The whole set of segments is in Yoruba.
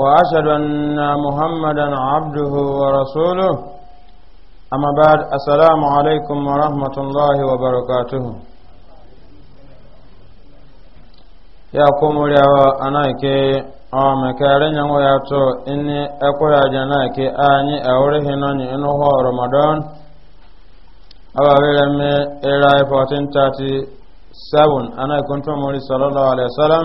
وأشهد أن محمدا عبده ورسوله أما بعد السلام عليكم ورحمة الله وبركاته يا قوم يا أنايك أما كارن يا تو إني أقول جناك أني أوره نني إنه هو رمضان أبا بلمي إلى 1437 أنا كنت مولي صلى الله عليه وسلم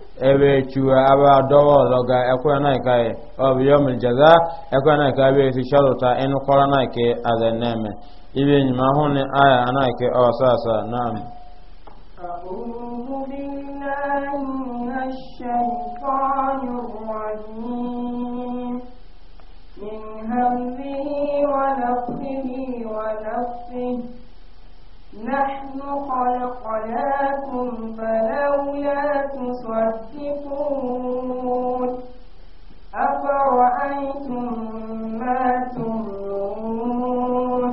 ebe chua aba dọwa ọzọ ga ekwe na ka ọbụ e, ya mil jaza ekwe na ka ebe esi sharuta enu na ke azan ibe enyima hụ na aya na ke ọsa asa na من همه ونفسه ونفسه نحن خلقناكم فلولا تصدقون أفرأيتم ما تمنون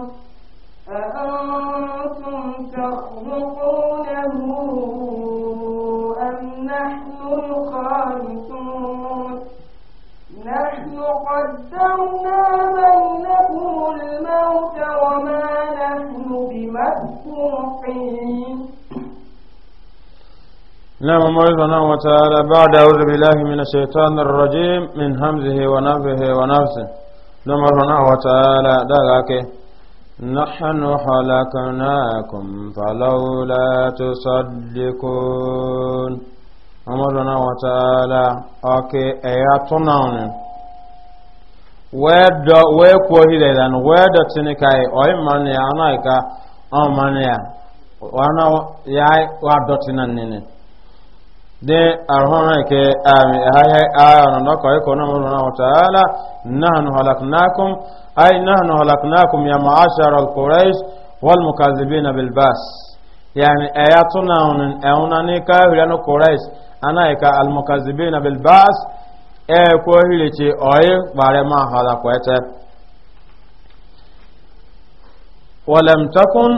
أأنتم تخلقونه أم نحن الخالقون نحن قدرنا بينكم الموت وما نعم الله سبحانه وتعالى بعد أعوذ بالله من الشيطان الرجيم من همزه ونفه ونفسه نعم الله وتعالى ذلك نحن خلقناكم فلولا تصدقون نعم الله وتعالى أوكي أياتنا ويدو ويكوهي لأن ويدو تنكاي أي من يعنيك ọ oh, mmanụ ya wana ya wa dọtị na nnene de arhona ke ami haya ayana no ko ko namu na wa taala nahnu halaknakum ay nahnu halaknakum ya ma'ashar al quraish wal mukazzibin bil bas yani ayatuna unan aunani ka hilano quraish ana ka al mukazzibin bil bas e ko hilice oye bare ma hala ko ete ولم تكن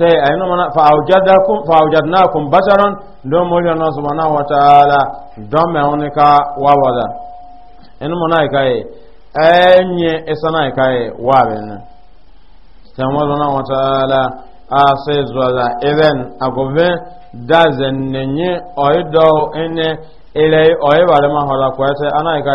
شيئا فأوجدكم فأوجدناكم بشرا دوم الله سبحانه وتعالى دوم هناك وابدا إن منايك أني إسنايك وابن سبحانه وتعالى أسيز ولا إذن أقوم دازن نني أيدو إن إلي أيبالما هلا كويت أنايك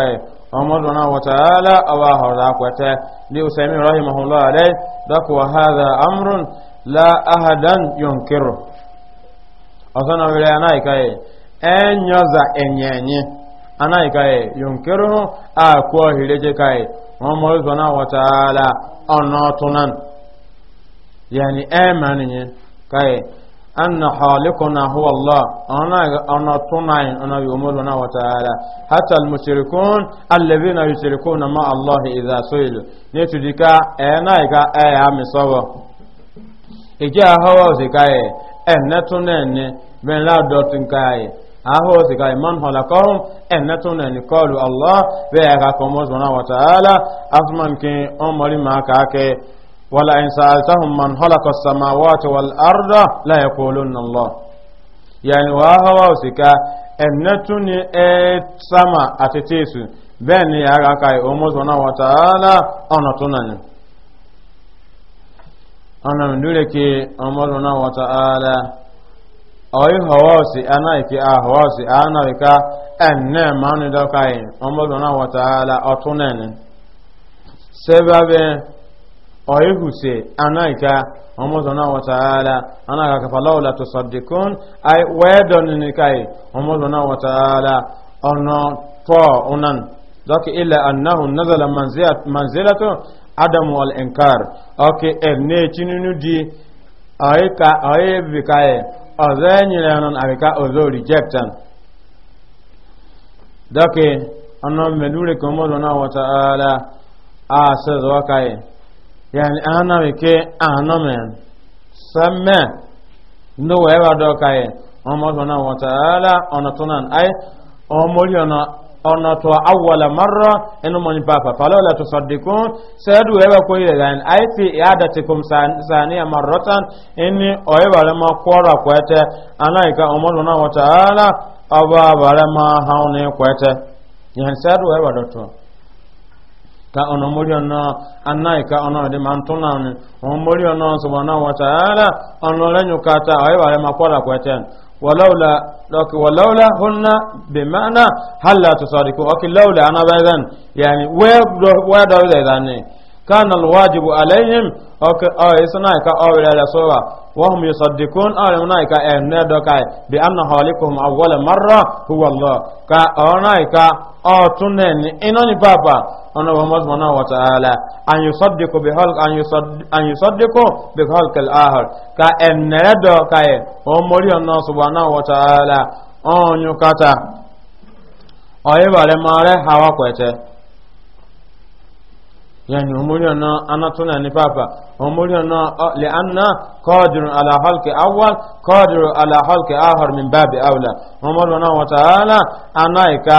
ọmọdun náà wata ala awa hauza akwata ni usaimin rahim ahunlo a dai da kuwa haza amurin la ahadan yunkiru ọsana wuri ana ikaye enyoza enyanyi ana ikaye yunkiru a kuwa hirage kai ọmọdun náà wata ala ọna otunan yani emaninye kai anna khaliquna huwa Allah ana ana tunai ana yumuluna wa ta'ala hatta al-mushrikun alladhina yushrikuna ma Allah idha su'ilu ne tudika ena ika e amisawo ije hawa usikaye enne tunene ben la dotin kai aho usikaye man halakahum enne tunene qalu Allah wa ya ka komo wa ta'ala asman ke umari ma ka ke ولئن سألتهم من خلق السماوات والأرض لا يقولون الله يعني وهو وسكا ẹnẹtúni ẹ sáma àti tíìsù bẹ́ẹ̀ ni ara ka ìhòmọ́sọ̀nà wàtàálà ọ̀nà tó nà ní ọ̀nà ìdúrẹ́ kí ọmọ́sọ̀nà wàtàálà ọ̀yí họwọ́sì anáìkí ahọ́sì anáìká ẹ̀nẹ́ mánidọ́ka ẹ̀ ọmọ́sọ̀nà wàtàálà ọ̀tún nà ní sẹ́bàbẹ́ oyehuse anaika omozona wataala anaka kafalaula tusaddikun ay wedonini kai omozona wataala ono to unan doki illa annahu nazala manzilatu adamu al inkar oke enne chinunu di ayika ayebi kai ozenyilenon abika ozo rejectan doki ono medure komozona wataala a sezokai yani ana wike ana men samme ndo wewa do kaye omo tona wa taala ona tonan ay omo yona ona to awwala marra eno moni papa falo la tusaddikun sadu wewa ko ye gan ay fi iadatikum saniya marratan inni oyewa le ma kwora kwete ana ika omo tona wa taala aba bare ma haune kwete yani sadu wewa do to ka ono mori ono annai ka ono de mantuna ni ono mori ono subhanahu wa ta'ala ono lenyu kata ayi bare makwala kweten walaula lọkì walaula hunna bi ma'ana halla tusadiku ọkì laula ana bazan yani wẹ́ dọ̀rọ̀ da ìdáni كان الواجب عليهم أو إسنايك أو إلى سورة وهم يصدقون أو إسنايك أهندك بأن خالقهم أول مرة هو الله كأونايك أو تنين إنني بابا أنا وهم سبحانه وتعالى أن يصدقوا بخلق أن يصدق أن يصدقوا بخلق الآخر كأن ندو كأي هم الله سبحانه وتعالى أن يكتا أيوة لما له هوا كويته yani umuriyo na anatuna ni papa umuriyo na le anna qadirun ala halki awwal qadirun ala halki akhar min babi awla umuriyo na wa ta'ala anaika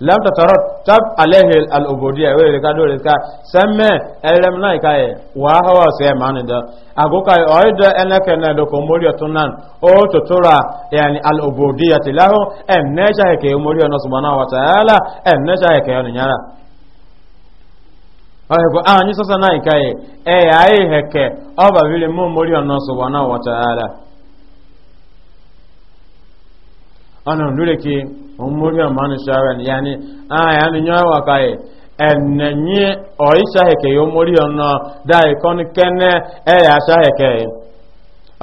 lam tatarottab alayhi al-ubudiyya we ka do le ka samme elem nai ka e wa hawa se man da ago ka e, o do ene na do ko mori tunan o to tora yani al-ubudiyya tilahu en ne ja e ke mori ono subhanahu wa ta'ala en ne ja e ke ono nyara ahe ko a ah, ni sasa nai ka e e ai heke o ba vile mo mori ono subhanahu wa ta'ala ana ndure umuri amani shawen yani aya ah, ni nyawa kai enenye oisha heke yomori ono dai kon kene e ya sha heke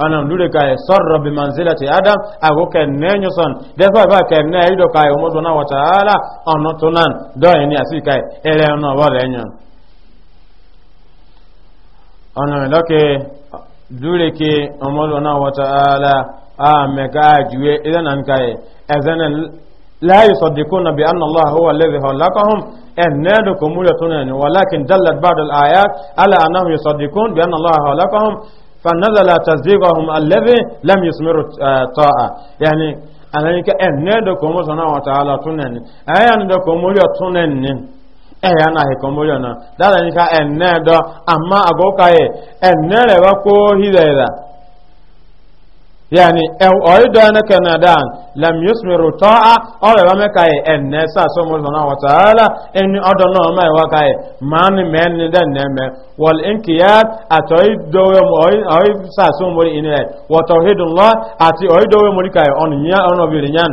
ana ndure kai sọrọ bi manzilati adam ago kenne nyuson defa ba kenne ido kai umodo na wataala ono tunan do ni asikai ele ono wale nyon ana loke dure ke umodo na wataala a ah, mega juwe idan an kai ezanan لا يصدقون بأن الله هو الذي خلقهم أنادكم ملتون ولكن دلت بعض الآيات على أنهم يصدقون بأن الله خلقهم فنزل تصديقهم الذي لم يثمروا طاعة يعني أنك أنادكم سبحانه وتعالى تنن أنادكم ملتون ɛyà náà ɛkɔ mɔlẹ náà dáadáa ní ká ɛnɛ dɔ àmà àgɔkà yɛ ɛnɛ rɛ bá kó hídà yɛ dà. yani eh, oidana kanadan lam yusmiru ta'a awe wa mekai enne sa so mo na wa taala en odo no ma wa kai man men den neme wal inkiyat atoi do we mo oi sa so mo ni ne wa tauhidullah ati oi do we mo kai on nya ono bi nyan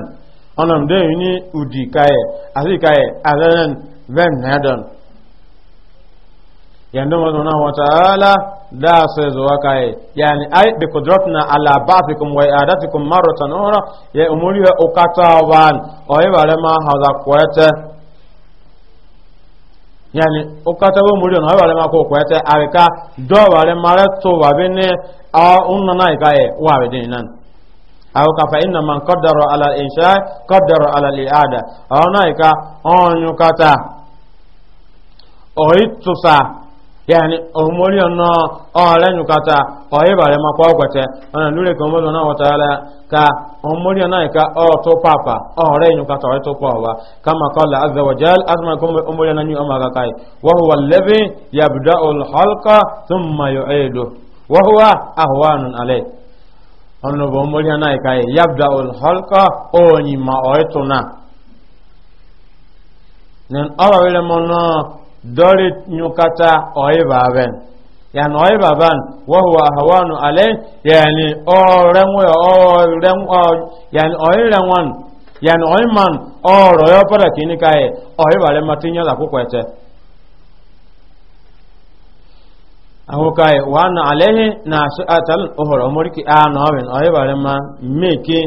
ono de ni udi kai asi kai alan ven hadon yando mo na wa taala da su ya zuwa kaye yani ai bi kudratna ala ba'dikum wa i'adatikum marratan ukhra ya umuri wa uqatawan o ibare ma hada kwete yani uqatawo muri na ma ko kwete arika do bare mare to wa bene a unna na kaye wa bene nan aw ka fa inna man qaddara ala insha qaddara ala al-i'ada ka onyukata oitusa yani omori ono ọrẹ nyukata ọhibare makwa ọkwete ọna nure ka omori ono wọtara ka omori ono ika ọtụ papa ka omori ono nyi ọmaga kai wahuwa lebi yabda ulhalka thumma yu'idu wahuwa ahwanun alai ma na ọrọ wele mọ náà dori nyukata oibaben yani oibaban wahuwa ahawanu ale yani orengwe oreng yani oirengwan yani oiman oro yopada kini kae oibale matinya la kukwete ahokae wana alehi na shiatal ohoro omoriki anobin oibale ma meki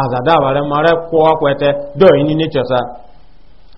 azada bare mare kwa kwete do ini nichosa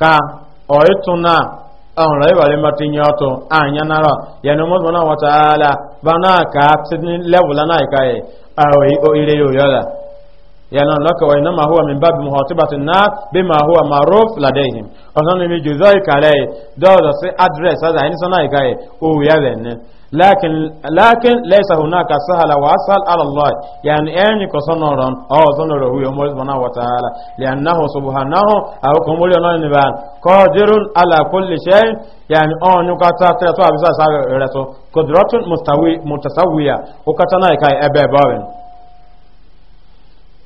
ka oituna ọ̀rọ̀ ìwàlẹ̀ mọ́tí ní a àyànára yẹnu mọ́tí wọn náà wọ́ta ààlà bá náà ká sí lẹ́wùlá náà ìkáyẹ̀ ìrẹ́ yóò yọ́la yanan laka wa inama huwa min babi muhatibatin na bima huwa maruf ladayhim ọ̀sán ni mi jùzọ́ ìkàlẹ̀ dọ́ọ̀dọ̀ sí adres ọ̀dọ̀ àyíní sọ́nà ìkàlẹ̀ òwú yà rẹ̀ ní lakin lakin laisa hunaka sahala wa asal ala allah yani en ko sonoron o sonoro huyo mo subhanahu wa ta'ala li annahu subhanahu aw kumuli non ni ban qadirun ala kulli shay yani on yuka ta tra to abisa sa re to qudratun mustawi mutasawiya o katana kai ebe bawen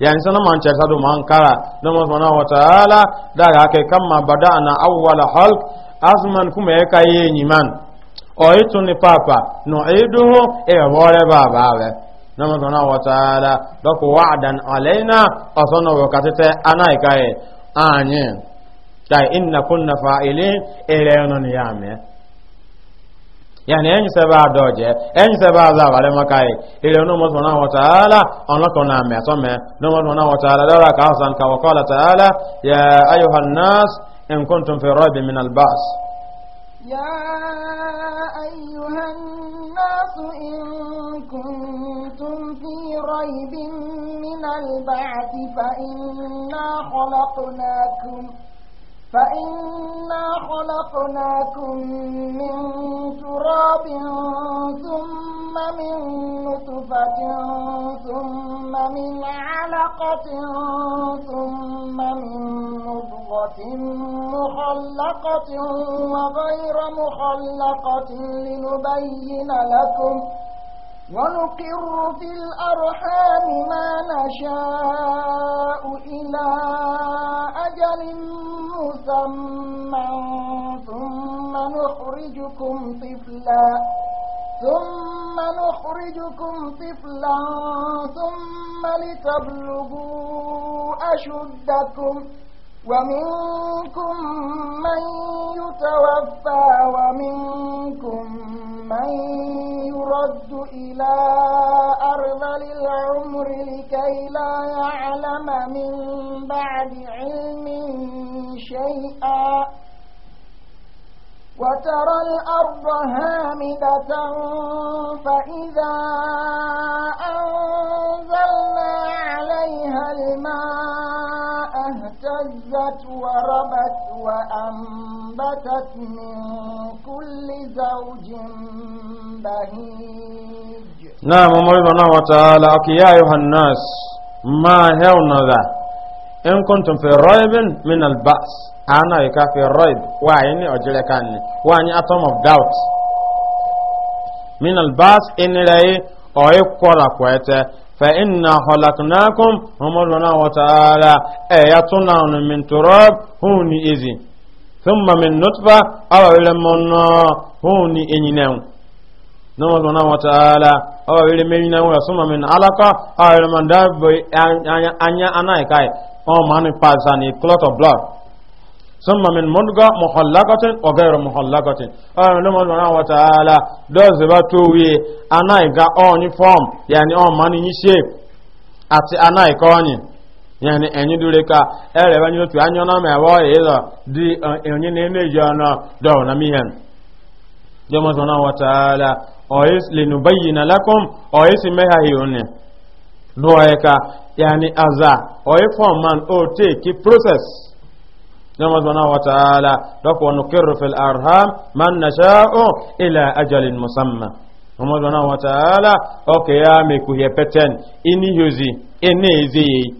yani sana man cha sadu man kara na mo subhanahu wa ta'ala da ga kai kama bada'na awwala halq Hulk, asman ya kai nyiman o itu ni papa no iduhu e wore baba we na mo subhanahu wa ta'ala da ku wa'dan alaina asana wakati ta anai kai anye da inna kunna yame yani enyi sɛbɛ a dɔw jɛ enyi sɛbɛ a zaa wale ma k'a ye ile numu sɔnna wa taala ɔnɔ kɔnɔ a mɛ sɔn mɛ numu sɔnna wa taala dɔw la k'a san kawo kɔla taala ya ayuha nas in kuntum fi rɔbi min albas. يا أيها الناس إن كنتم في ريب من البعث فإنا خلقناكم فإنا خلقناكم من تراب ثم من نطفة ثم من علقة ثم من مضغة مخلقة وغير مخلقة لنبين لكم ونقر في الأرحام ما نشاء إلى أجل مسمى ثم نخرجكم طفلا ثم نخرجكم طفلا ثم لتبلغوا أشدكم ومنكم من يتوفى ومنكم من يرد إلى أرذل العمر لكي لا يعلم من بعد علم شيئا وترى الأرض هامدة فإذا من كل زوج بهيج نعم مرضنا وتعالى يا أيها الناس ما هون ذا إن كنتم في ريب من البأس أنا يكا في ريب وعيني أجلكاني وعيني أتوم أوف داوت من البأس إن لي أيقولا كويته فإنا خلقناكم هم الله وتعالى أيتنا من تراب هوني إذن ثم من نطفة أو ولمنا هوني إنينو نما سبحانه وتعالى أو ولمنا ثم من علاقة أو ولمن داب أنيا أنا إكاي أو من باساني clot of blood ثم من مدغة محلقة وغير محلقة أو نما سبحانه وتعالى دوز باتوي أنا إكا أو ني form يعني أو من ني shape أتي أنا إكا أني yani enyi dure ka ere banyi otu anya na me wo ido di eh, enyi ne ne jo na do na mi hen jomo sona wa taala o is linubayyana lakum o is meha hiune do eka yani aza o e form man o take process jomo sona wa taala do ko nukirru fil arham man nasha'u ila ajalin musamma jomo sona wa taala o ke ya me ku yepeten ini yuzi ene ezeyi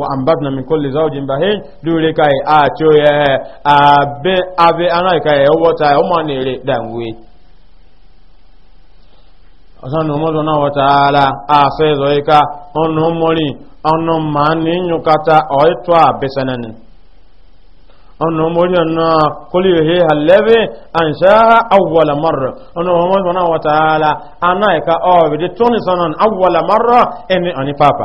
وأنبتنا من كل زوج بهين دوري كاي آتو يا أبي أبي أنا كاي هو تاي هما نيري دانوي ọ̀sánà ọmọdún náà wọ́tàálà àṣẹ ìzọ̀ ìka ọ̀nà mọ́rí ọ̀nà máa ní yùnkata ọ̀ẹ́tọ́ àbẹ́sẹ̀nẹ̀ni ọ̀nà mọ́rí ọ̀nà kólìrìhì halẹ́bẹ̀ àǹṣá awọlamọ́rọ̀ ọ̀nà ọmọdún náà wọ́tàálà anáìka ọ̀bẹ̀dẹ̀ tónísọ̀nà awọlamọ́rọ̀ ẹni ọ̀ní pápá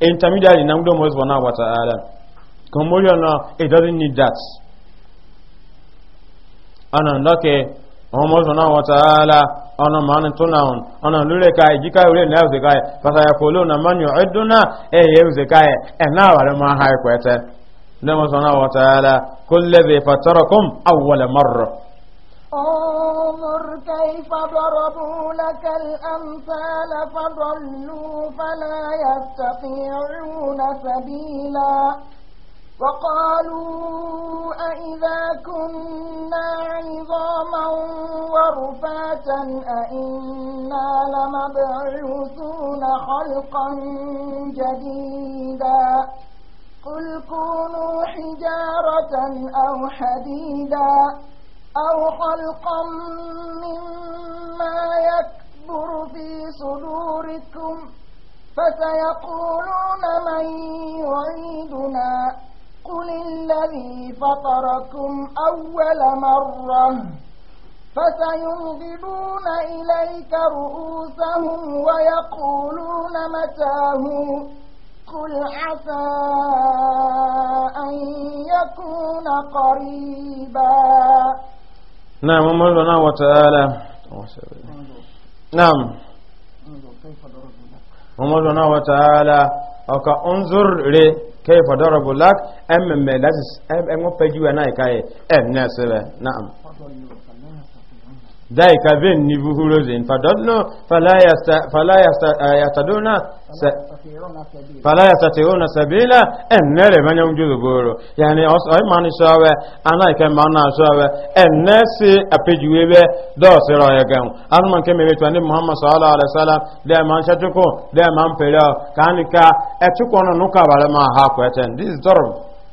intermediary na ngdo mo subhanahu wa ta'ala kan mo yana it doesn't need that ana ndake on mo subhanahu wa ta'ala ana man to na on ana lure kai jika ure na uze kai fasa ya kolo na man yu'iduna e ye uze kai e na wa ma ha kwete ndo mo subhanahu wa ta'ala kulli fatarakum awwal marra انظر كيف ضربوا لك الأمثال فضلوا فلا يستطيعون سبيلا وقالوا أئذا كنا عظاما ورفاتا أئنا لمبعوثون خلقا جديدا قل كونوا حجارة أو حديدا أو خلقا مما يكبر في صدوركم فسيقولون من يعيدنا قل الذي فطركم أول مرة فسينغضون إليك رؤوسهم ويقولون متاه قل عسى أن يكون قريباً نعم مولانا وتعالى نعم مولانا وتعالى ọka unzur re kai fadarabu lak em memme that is em em pejuwa na ikaye em na sebe na'am ذلك بين نبوهروزين فددنا فلا يست فلا يست يتدون س... فلا يستطيعون سبيلا ان نرى من يوم بورو يعني اس اي ماني شاوه انا كان مانا شاوه الناس ابيجوي به دوس رايغان ان من كان ميتو ان محمد صلى الله عليه وسلم ده من شتكو ده ما بيرو كانك اتكو نو كبار ما هاكو اتن this is ضرب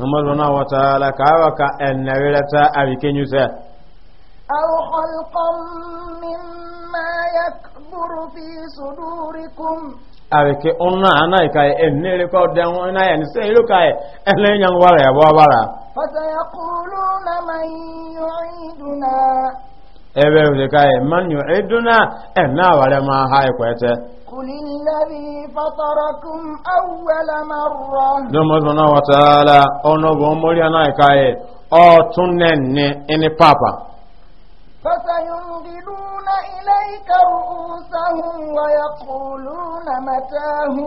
نمر هنا وتعالى كعبك النبيلة أبيكين يسا أو خلقا مما يكبر في صدوركم أبيك أنا أنا كاي إني لك أدعو أنا يعني سيلو كاي أنا ينوار يا بابا فسيقولون من يعيدنا ebe ka man yu'iduna enna wala ma hay kwete قل الذي فطركم أول مرة نعم سبحانه وتعالى أنه بأمولي أنا إكاية أتنن إني بابا فسينجدون إليك رؤوسهم ويقولون متاه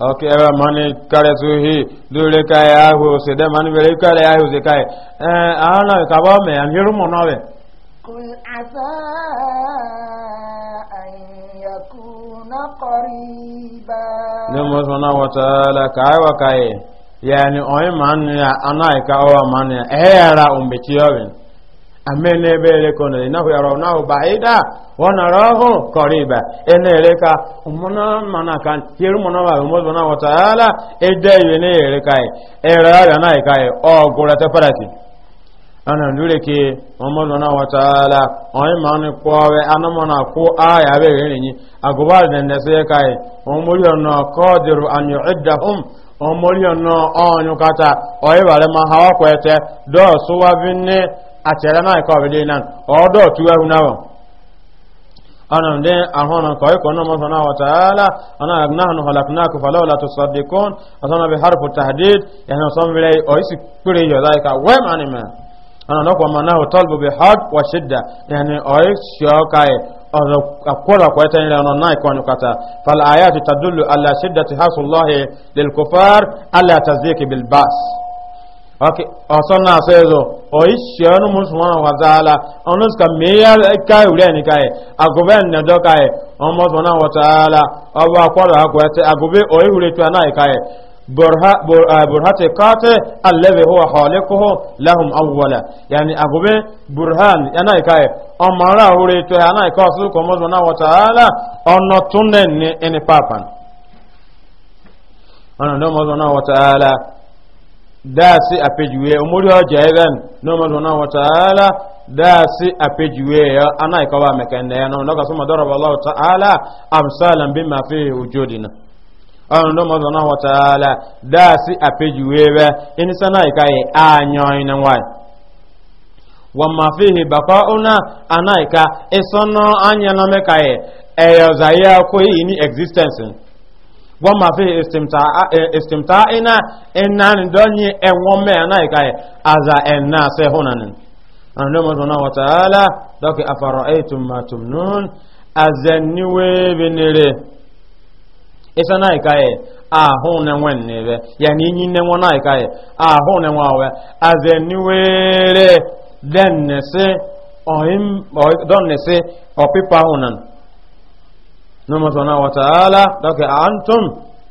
oke ewa mani kare suhi dure kai ahu se de mani bere kare ahu se kai eh ana ka ba me amiru monawe kul asa ni mo sɔnna wɔtala kaa wa kaa ye ya ana ka ɔwa maa nu ya ɛhɛ yɛra ɔn bɛ tiɲɛ wɛn ame ne bɛ yɛrɛ kɔnɔ de n'afɔ yɛrɛ n'afɔ ba yi da wɔna rɔho kɔri ba e ne yɛrɛ mana kan yɛrɛ mɔna ba mo sɔnna wɔtala e ne yɛrɛ ka ye ɛrɛ yɛrɛ ka ye ɔ gɔlɔ tɛ ana ndure ke Muhammadu na ala oyi ma ni kowe ana mo na ko aya be re ni agoba de ne se na on mori ona qadiru an yu'iddahum on mori ona onyu kata ma ha ko ete do suwa binne na ana na ana bi harfu tahdid yana somre oisi kure yo dai ka ana na kwa manahu talbu bi had wa shidda yani oy shokaye ọ̀rọ̀ akọ́rọ̀ kwẹ́tẹ́ ilẹ̀ ọ̀nà náà ikọ̀ nìkọta fal ayatu tadullu ala shiddati hasullahi lil kufar ala tazdiki bil bas okay ọ̀sọ́nà àṣẹ́zọ̀ oyi ṣẹ́nu musulman wa ta'ala ọ̀nà suka meya kai wuri ni kai agube ne do kai ọmọ sọ̀nà wa ta'ala ọba akọ́rọ̀ akwẹ́tẹ́ agube oyi wuri tuwa náà ikai burhati kate allazi huwa khaliquhu lahum awwala yani agobe burhan yana kai amara hore to yana kai su ko mo na wa taala onno tunne ni eni papan ana no mo na wa taala dasi apejuwe omori oja even no mo na wa taala dasi apejuwe ya ana kai wa mekende no no ka so mo daraba allah taala amsalan bima fi wujudina ọnụdọ mọzọ na wọtala daasị apejuwebe inisana ikaye anyoyi na nwanyị wamma fihi baka una anaika isono anya na mekaye eyoza ya koyi ni existence wamma fihi e, ịna ina inani donyi enwome anaikaye aza enna se hunanin ọnụdọ mọzọ na wọtala dọki afara etum matum nun azeniwebe isa na ikaye ahụ na nwe nne ya na inyi nne nwa na ikaye ahụ na nwa we aze niwere den nese ohim don nese opipa hunan numu sona wa ta'ala daga antum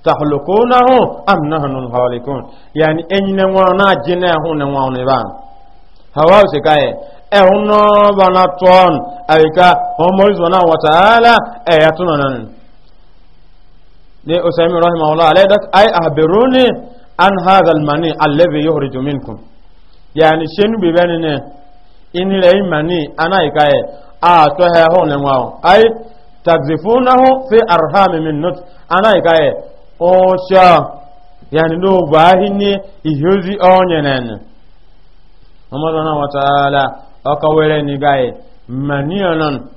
tahlukunahu am nahnu halikun yani enyi na nwa na jina ahụ na nwa ne ba hawa se kaye ehun no bana ton alika homo sona wa ta'ala ayatuna nan ni usaimi rahimahullah alayhi dak ay ahbiruni an hadha almani alladhi yukhriju minkum yani shenu be bani ne ini lay mani ana ikaye a to he ho ne wa ay tagzifunahu fi arham min nut ana ikaye o sha yani do bahini ihozi onyenen Ramadan wa ta'ala akawere ni gaye mani onon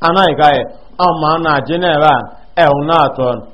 ana ikaye ama na jineba e unaton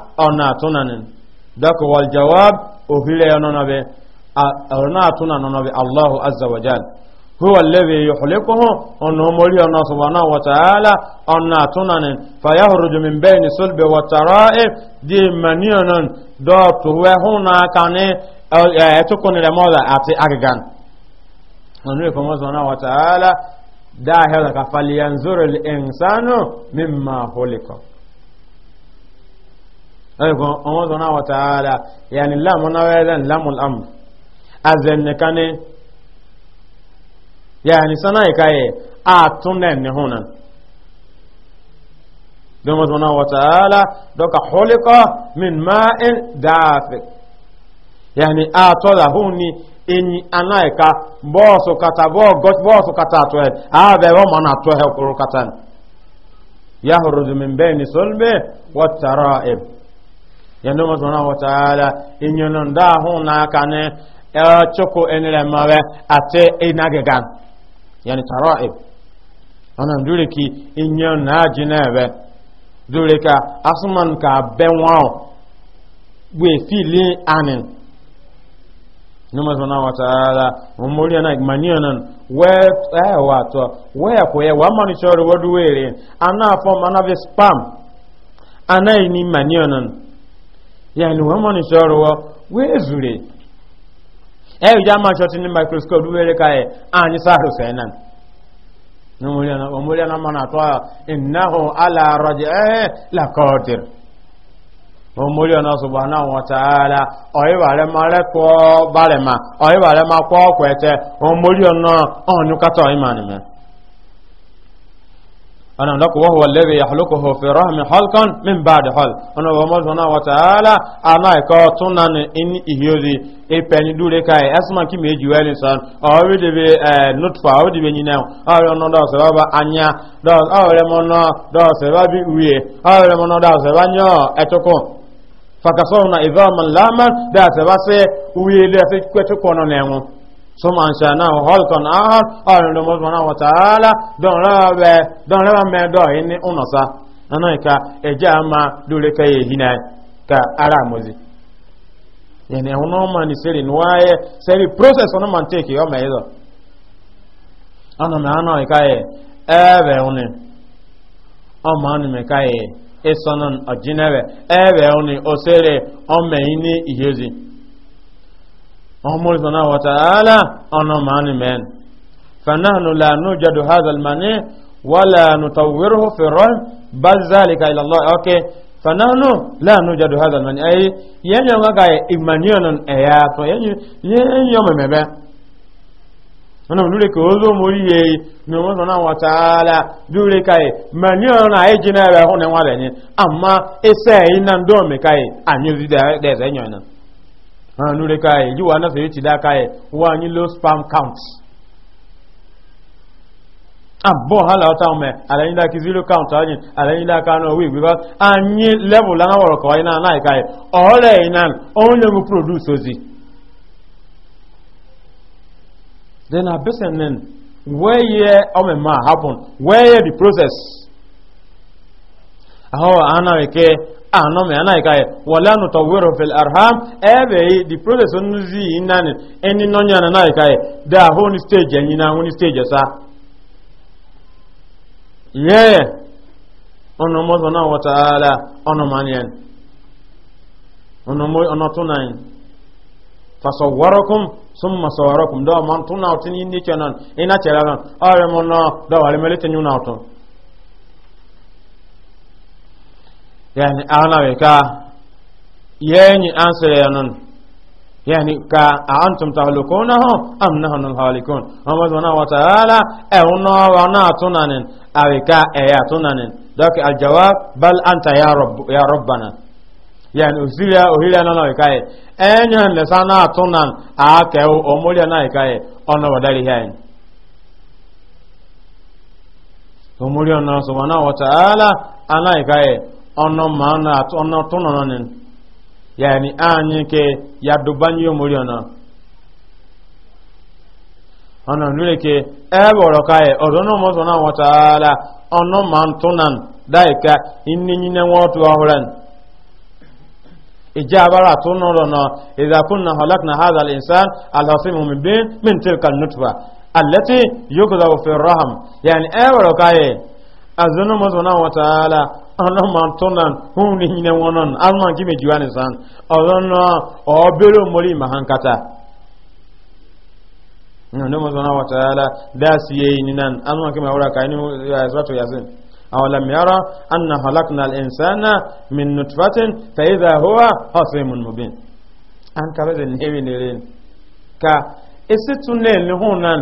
ona tunanin dako wal jawab ofile onona be ona tunanona be allah azza wa jal huwa alladhi yuhlikuhu ono mori ona subhanahu wa ta'ala ona tunanin fayahruju min bayni sulbi wa tara'i di manionon do tuwe huna kane etukuni remoda ati agigan onu ko mo subhanahu wa ta'ala da hela ka falyanzuru al insanu mimma khuliqa ẹ̀kọ́ ọmọ sọ náà wọ̀ta ara yàní láàmú náà ẹ̀rẹ́ lámùlámù azẹ̀nìkaní yàní sanáà ìkáyẹ̀ àtúnlẹ̀ nìhùnà dọ́mọ sọ náà wọ̀ta ara dọ́ka hólikọ́ min máa ń dáàfẹ́ yàní àtọ́lá hún ni enyi ka bọ́ọ̀sù kata bọ́ọ̀sù kata àtọ́ ẹ̀ àbẹ̀wọ̀ na àtọ́ ẹ̀ kúrú kata yahuru min bẹ́ẹ̀ ni sọ́lbẹ̀ wọ́tara yanda ma zona wa taala inyonon da hu na kane e choko enere mawe ate inagegan yani taraib ana dure ki inyon na jinebe dure ka asman ka benwa we fili anin numa zona wa taala umuri na igmanionan we eh wato we ko ye wa mani choro woduwere ana fo mana spam ana ini manionan yani wọ́n mọ̀ ní sọ́rọ̀ wọ́ wéé zùrè ẹ̀ ìjà máa ṣọtí ní microscope wéèrè ká ẹ̀ àní sáàrù sẹ́nà ọmọlẹ́ náà máa tọ́ ìnáhùn alárọ̀jẹ̀ ẹ̀ làkọ́ọ̀dìr ọmọlẹ́ náà sọ̀bọ̀ náà wọ́n ta ara ọ̀yẹ́wà rẹ̀ máa rẹ́kọ̀ọ́ bàrẹ̀ mà ọ̀yẹ́wà rẹ̀ máa kọ́ ọ̀kọ̀ ọ̀nùkátọ̀ ìmọ̀ ana ndako wa huwa alladhi yakhluquhu fi rahmi halqan min ba'di hal ana wa ma zana wa ta'ala ana ka tunan in ihyodi e peni dure kai asma ki meji wali san awi de be nutfa awi de be nyina awi ono da se baba anya da awi le mono da se babi uye awi le mono da se banyo etoko fakasona idhaman laman da se uye le se kwetu kono nenwo sọmọ nsànà ọ̀họ́lùkọ̀nà ahọ́r ọ̀rìn ló mọ́sùmọ́nà wọ̀tàálà dọ̀nrẹ́wà mẹ́ẹ̀dọ̀ yìí ọ̀nọ̀sá nínú ìka ẹ̀jẹ̀ àmà lórí kẹyẹ yìí náà ka ara àmọ́zi yẹn ẹ̀hún náà mà ní sẹ́rì ní wáyé sẹ́rì process ọ̀nà màá tẹ̀kì ọmọ ẹ̀yẹ́dọ̀ ọ̀nà mẹ́ àná ìka yẹ ẹ̀ẹ́bẹ̀ ọmọ mẹ́ ká yẹ ẹ̀sọ́nà ẹ̀ẹ́bẹ̀ ọ̀sẹ̀rẹ̀ ọmọ ẹ̀yìn ní ọmọdé sọ̀nà wàtàlá ọ̀nà màánì mẹ́rin fanáhùn lànà jẹ́dù hazalmani wàlà nùtàwérò fẹ̀rọ bá zálìkà ìlàlọ́ ọkẹ́ fanáhùn lànà jẹ́dù hazalmani ayé yẹn yọ ká ìmàníọ̀nà ẹ̀yà sọ yẹn yọ mẹ̀mẹ̀bẹ́ wọn lórí kò ó lómo rí yẹ ní wọn sọ náà lórí káyẹ mẹníọ̀nà ayé jìnnà ẹ̀rọ ẹ̀hún ni wọn rẹ̀ ni àmọ́ ẹsẹ̀ yìí náà ń dọ̀ọ̀mì káyẹ ànyóòdì dẹ̀ ẹ̀sẹ̀ yàn náà. ha nure kai ji wa na sai ci da kai wa ni low spam count abo hala ota me ala ni da ki zero count ani ala ni da ka no we because anyi level la na woro ko ina na kai ole ina only we produce ozi then abesen nen where ye o me ma happen where the process aho ana ke ano me ana ikaye wala no tawiro fil arham ebe di process on zi inani eni no nyana na ikaye da honi stage enyi na honi stage sa ye ono mo zona wa taala ono manien ono mo ono tunain fasawwarakum summa sawarakum da man tunautin yin ni kenan ina ceraran are mo no da wale melete nyuna auto yani ana we ka yeni ansere yanon yani ka a antum tahlukunahu am nahnu alhalikun amma subhanahu wa ta'ala e unna wa na tunanin awe ka e ya tunanin dak aljawab bal anta ya rabb ya rabbana yani usiria ohira na na kai enyo le sana tunan a ke omuri na kai ono wadari hen omuri ona subhanahu wa ta'ala ana kai ọnụ ma na atụ ọnọ tụ nọ nọ anyị ke ya dubanye omori ọnọ ke ebe ọrọ ka ye ọzọ na ọmọzọ na nwataala ọnọ ma ntụ na daika inni nyine otu ọhụrụ ije abara atụ izakun na halak na hadal insan alhasimu mibin min tilka nutfa allati yukzabu ana man tonan hun ni hine wonon alman kime juwani san ọlọ́nà ọ̀bẹ̀rẹ̀ mọ́rí mahankata ní mọ́ na wata yala dáàsí yẹ́ ni nan alman kime wúra ka ní ìsọ́tọ̀ yasin أولم يرى أن خلقنا الإنسان من نطفة فإذا هو خصيم مبين أنك بذل نيوي نيرين كا إستنين لهونان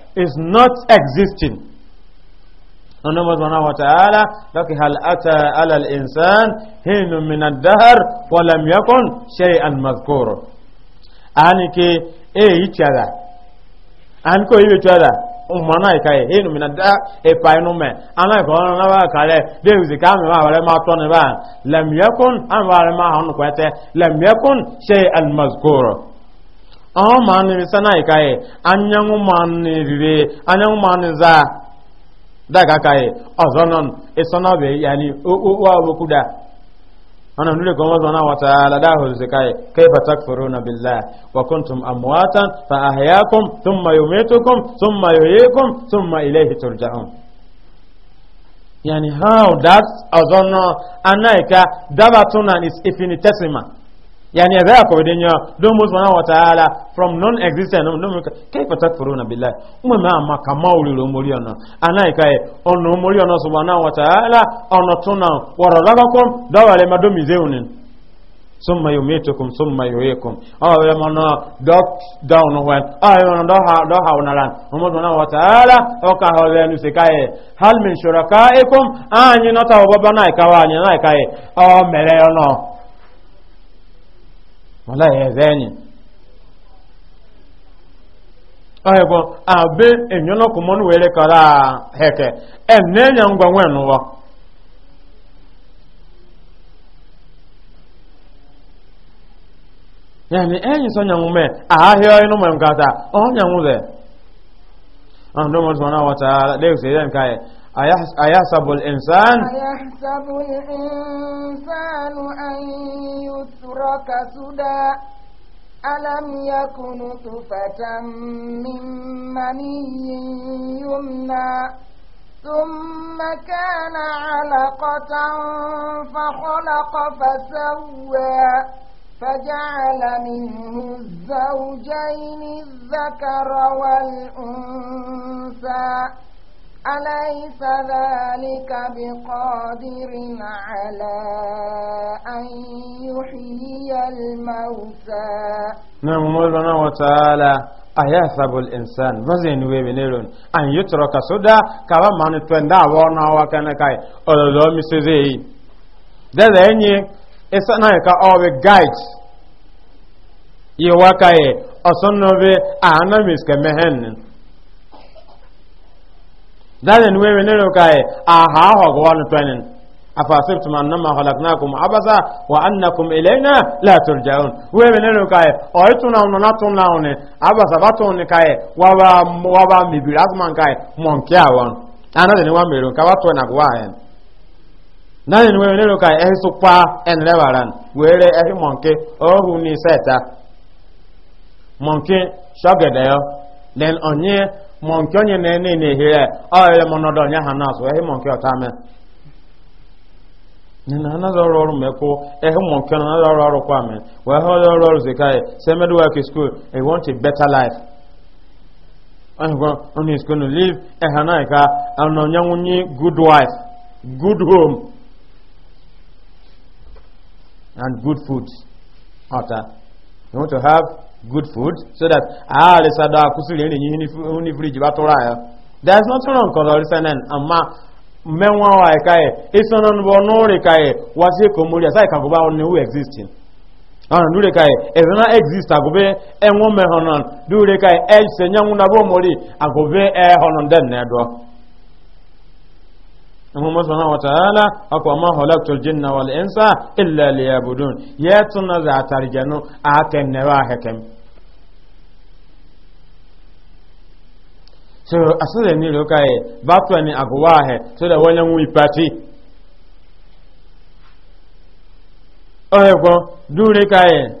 is not existing ọ̀nà mọ̀tàná wàtàálà lọ́kì hal'ata alal insan hinu minan dahar wàlàmíyakon ṣe almazkoro a ní kí èyí tíyàdá a ní kò yí tíyàdá mọ̀nà ìkàyẹ̀ hinu minan dahar ipa inú mẹ́ aná ìkọ̀ọ́nà náà wà kàrẹ déwì sí káàmì máa wàrẹ máa tọ́ni báyìí lẹ́míyakon àwọn wàrẹ máa hàn kọ́ ọ ma ni bisa na ika ye anyanwụ ma ni rire anyanwụ ma ni za daga ka ye ọzọ nọ ịsọna bụ ya ni okpokpo aboku da ana nure goma zana wa ta'ala da hu zika ye kaifa takfuruna billah wa kuntum amwatan fa ahyaakum thumma yumitukum thumma yuhyikum thumma ilayhi turja'un yani how that ọzọ nọ anaika tunan is infinitesimal yani ya zaya kawai danya don musu wata ala from non-existent no no kai fa na billahi umma ma amma kama wuri ro mori ona ana mori ona subhana wa ta'ala ono tuna waralagakum ona do ha do ha ona lan umma subhana wa ta'ala o ka ho le nuse kai hal wala ya zenyi ohe abe enyono ko mon were kala heke enenya ngwa nwenu wo yani enyi so nyanwu me ahahio inu me ngata o nyanwu ze ah no mo na wa أيحسب الإنسان أيحسب الإنسان أن يترك سدى ألم يكن طفة من مني يمنى ثم كان علقة فخلق فسوى فجعل منه الزوجين الذكر والأنثى أليس ذلك بقادر على أن يحيي الموتى نعم مولانا وتعالى أيحسب الإنسان وزن ويبنيرون أن يترك سودا كما من تندى وانا وكان كاي أولو مسيزي دذا يني إسانا يكا أوي guide يوكاي أصنوبي أنا مسكمهن dalen wewe nero kai ka ho gwan twenen afasibtum annama khalaqnakum abasa wa annakum ilayna la turja'un wewe nero abasa ana ah, eh. de wa mero ka na gwa hen dalen wewe nero ka eh supa en lewaran were eh ohu ni seta onye monkey onye na enye na ya m mọnọdụ onye ha na-asụ ehi monkey ọta me nina another ọrụ mekụ ehi monkey na another ọrụ ọrụ kwa wee ha ọrụ ọrụ zikai semedu work school want a better life onye is going to live ka good wife good home and good food ọta you want to have good food so that ààrẹ sàdọ̀ àkúsìrì ẹni yìí ní fíríjì bá there is nothing wrong kọ̀dọ̀ rí sẹ́nẹ̀ àmà mẹ́wọ́n wa ẹ̀ka ẹ̀ ìsọ̀nà bọ̀ núrì ka ẹ̀ wá sí èkó mórí who exist in. ọ̀nà dúró ka ẹ̀ ẹ̀sìn náà exist àgùbẹ́ ẹ̀wọ̀n mẹ́hàn náà dúró ka ẹ̀ ẹ̀ na ń Muhammad subhanahu wa ta'ala akwa ma halaktul jinna wal insa illa liyabudun yatuna za tarjanu aken ne wa hakem so asale ni lo kai batwa ni agwa he so da wala mu ipati oye go dure kai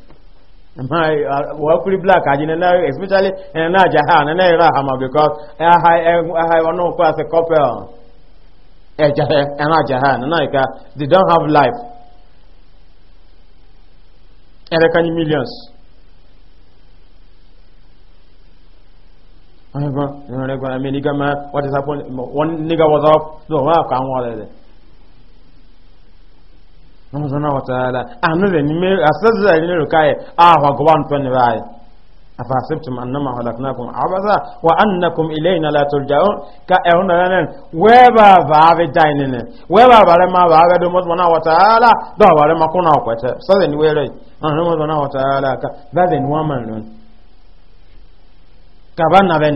my uh, wakuri black ajinela especially ẹnna ajaha nana ẹrọ ahama because ẹha ẹha ẹwọn náà kọ as a couple ẹjahẹ ẹnna they don't have life ẹrẹ kan millions. ọ̀hìn kan ẹ̀rọ ẹ̀gbọ́n ẹ̀mí nígbà one was off no kan ah, mọ́sánà wàtàlá ànúrẹ̀ ní mẹ́rin àṣẹ́sẹ̀ ní rẹ̀ káyẹ̀ àwọn agọwàn tó ní ráyẹ̀ afasiptum annama halaknakum abasa wa annakum ilayna la turja'un ka ehuna nan weba baabe dainene weba bare ma baabe do mot wana wataala do bare ma kuna kwete so ni were an mot wana wataala ka bazen waman non ka banna ben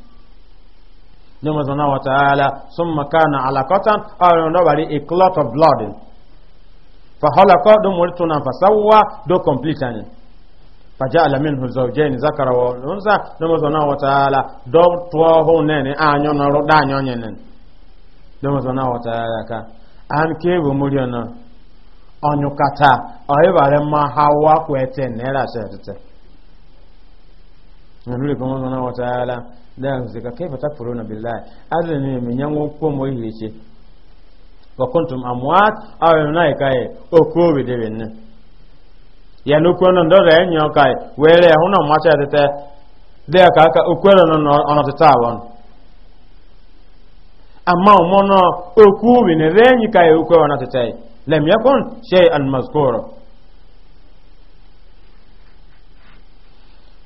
nomo zana wa ta'ala summa kana alaqatan aw no bari a clot of blood fa khalaqa dum walituna fa sawwa do complete an fa ja'ala minhu zawjayn zakara wa unsa nomo zana wa ta'ala do to ho nene anyo no ro da anyo nene nomo zana wa ta'ala ka am ke bo muriona onyo kata ayi bare ma hawa kwete nera shetete nulu ko nomo zana wa ta'ala dazika kaifa takfuruna billahi azami min yanwo ko mo yice wa kuntum amwat aw nay kai o ko we de ya no ko non do nyo kai were ho no ma cha tete de ka ka o ko no no ono tete awon amma o mo o ku we ne re nyi kai o ko ona tete lam yakun mazkura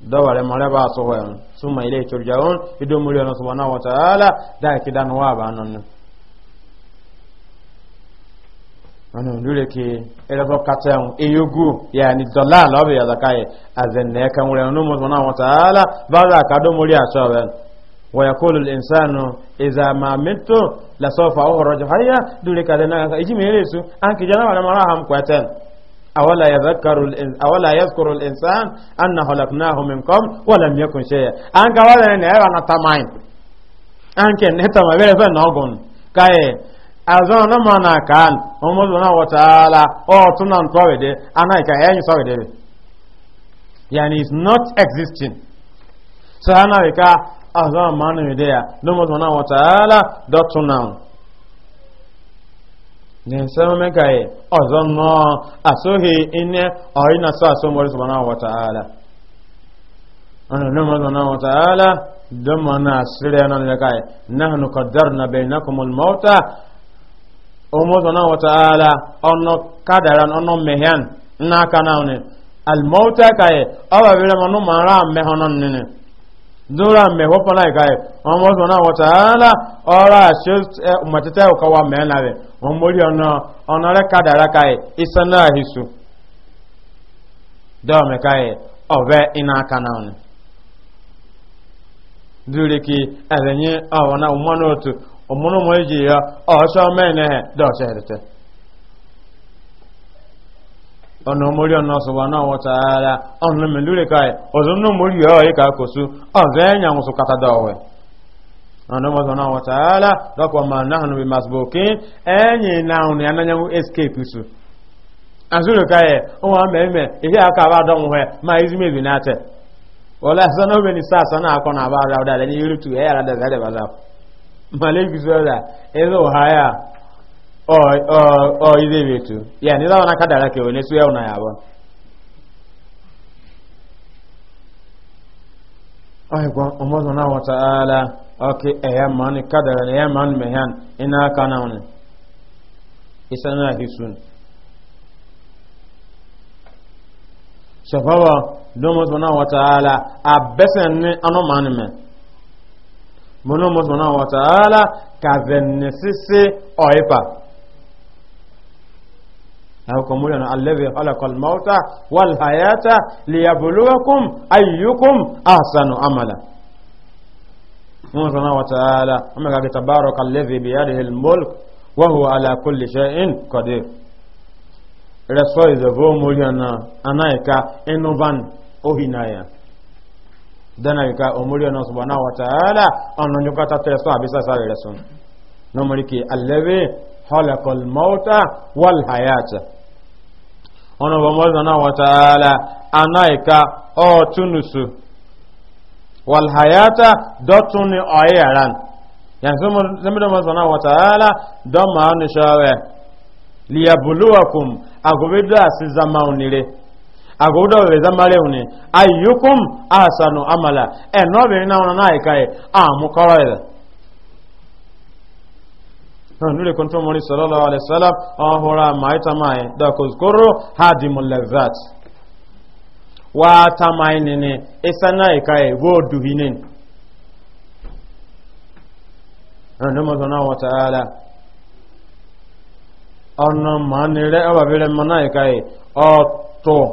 dawale mare ba so wayan summa ilay turjaun ido muri na subhanahu wa ta'ala da ki dan wa ba non ana ndure ke era so katan eyogu yani dollar lobe ya zakai azen ne kan wure no subhanahu wa ta'ala ba za ka do muri aso wayan wa yaqulu al insanu idza ma mitu la sawfa ukhraju hayya dure ka dana ka ijimere su an ki jana mara mara ham kwatan أولا يذكر الإنس... أولا يذكر الإنسان أن خلقناه من قبل ولم يكن شيئا أنك ولا نعرف نتمين أنك نتما بيرفع نعون كاي أزون ما نكان أمورنا وتعالى أو تنان تويدي أنا كأي سويدي يعني it's not existing سهنا بكا أزون ما نمديا نمورنا وتعالى دتنان ninsɛmɛ ka ye ɔzɔnɔ asohe ine ɔyina sɔ asomori subana wataala ɔnà ní ɔmọ subana wataala dɔmɔ na asiri ɛnɔ ni ka ye nahanu kɔdari na bɛyi na kɔmɔli mɔta ɔmɔ subana wataala ɔnɔ kadara ɔnɔ mɛhɛn n'a kana ne alimɔta ka ye ɔba bi rɛ ma no ma ra mɛhɔnɔ nini. nura me hopa na kai omo so na wataala ora she eh, umatete ukawa me na we omori ona ona re kadara kai isana hisu do me kai ove ina kana ya o so me ne do se ọ̀nà omori ọ̀nà ọ̀sọ̀wọ̀ náà wọ́n tààrà ọ̀nà mẹ́lúrẹ̀ káì ọ̀zọ́ ní omori ọ̀ ẹ̀ka kòsú ọ̀zọ́ ẹ̀yà wọn sọ̀kàtà dọ̀wẹ̀ ọ̀nà ọmọ ọ̀nà wọ́n tààrà lọ́kọ̀ ọmọ náà nù bí ẹ̀yìn náà ní ananyanwó escape su mẹ́mẹ́ ìṣe ẹ̀ máa náà tẹ̀ o ile etu. ya ni na kadara ke wene su yau na yabon ahikwa umaru na wata'ala oke eya mani kadara na eya mmanụ mehan ina aka na wani isa na hisun shafawa domin suna wata'ala a besan ni anu mani mai monomo suna ka venne sisi akomulen alladhi khalaqa al-mauta wal hayata liyabluwakum ayyukum ahsanu amala Allah subhanahu wa ta'ala amaka tabaraka alladhi bi yadihi al-mulk wa huwa ala kulli shay'in qadir raso izobo muliana anaika enovan ohinaya dana ka omuliana subhanahu wa ta'ala anonyuka tateso abisa sare raso nomuliki alladhi khalaqa al-mauta wal hayata ọ̀nà bọ̀mọ́dún náà wọ̀tàálà anáìka ọ̀túnùsù wàlhàyátà dọ́tún ní ọ̀yẹ́ ẹ̀rán yàtọ̀ mọ́dún náà wọ̀tàálà dọ́mà ánìṣọ́ rẹ̀ liyabuluwakum agobedo asi zama onire agobedo rẹ̀ zamare òní ayyukum ahsanu amala ẹ̀ nọ́ọ̀bìnrin náà wọn náà ìka ẹ̀ àmúkọ́rọ̀ ẹ̀ nure kontro mori sallallahu alaihi wasallam ahora maita mai da kuzkuru hadimu lazat wa tamai nene isana ikai go duhinin anu mazana wa ta'ala ọ̀nà mánirẹ́ ọbàbẹ̀rẹ̀ mọ́nà ìkáyẹ̀ ọ̀tọ̀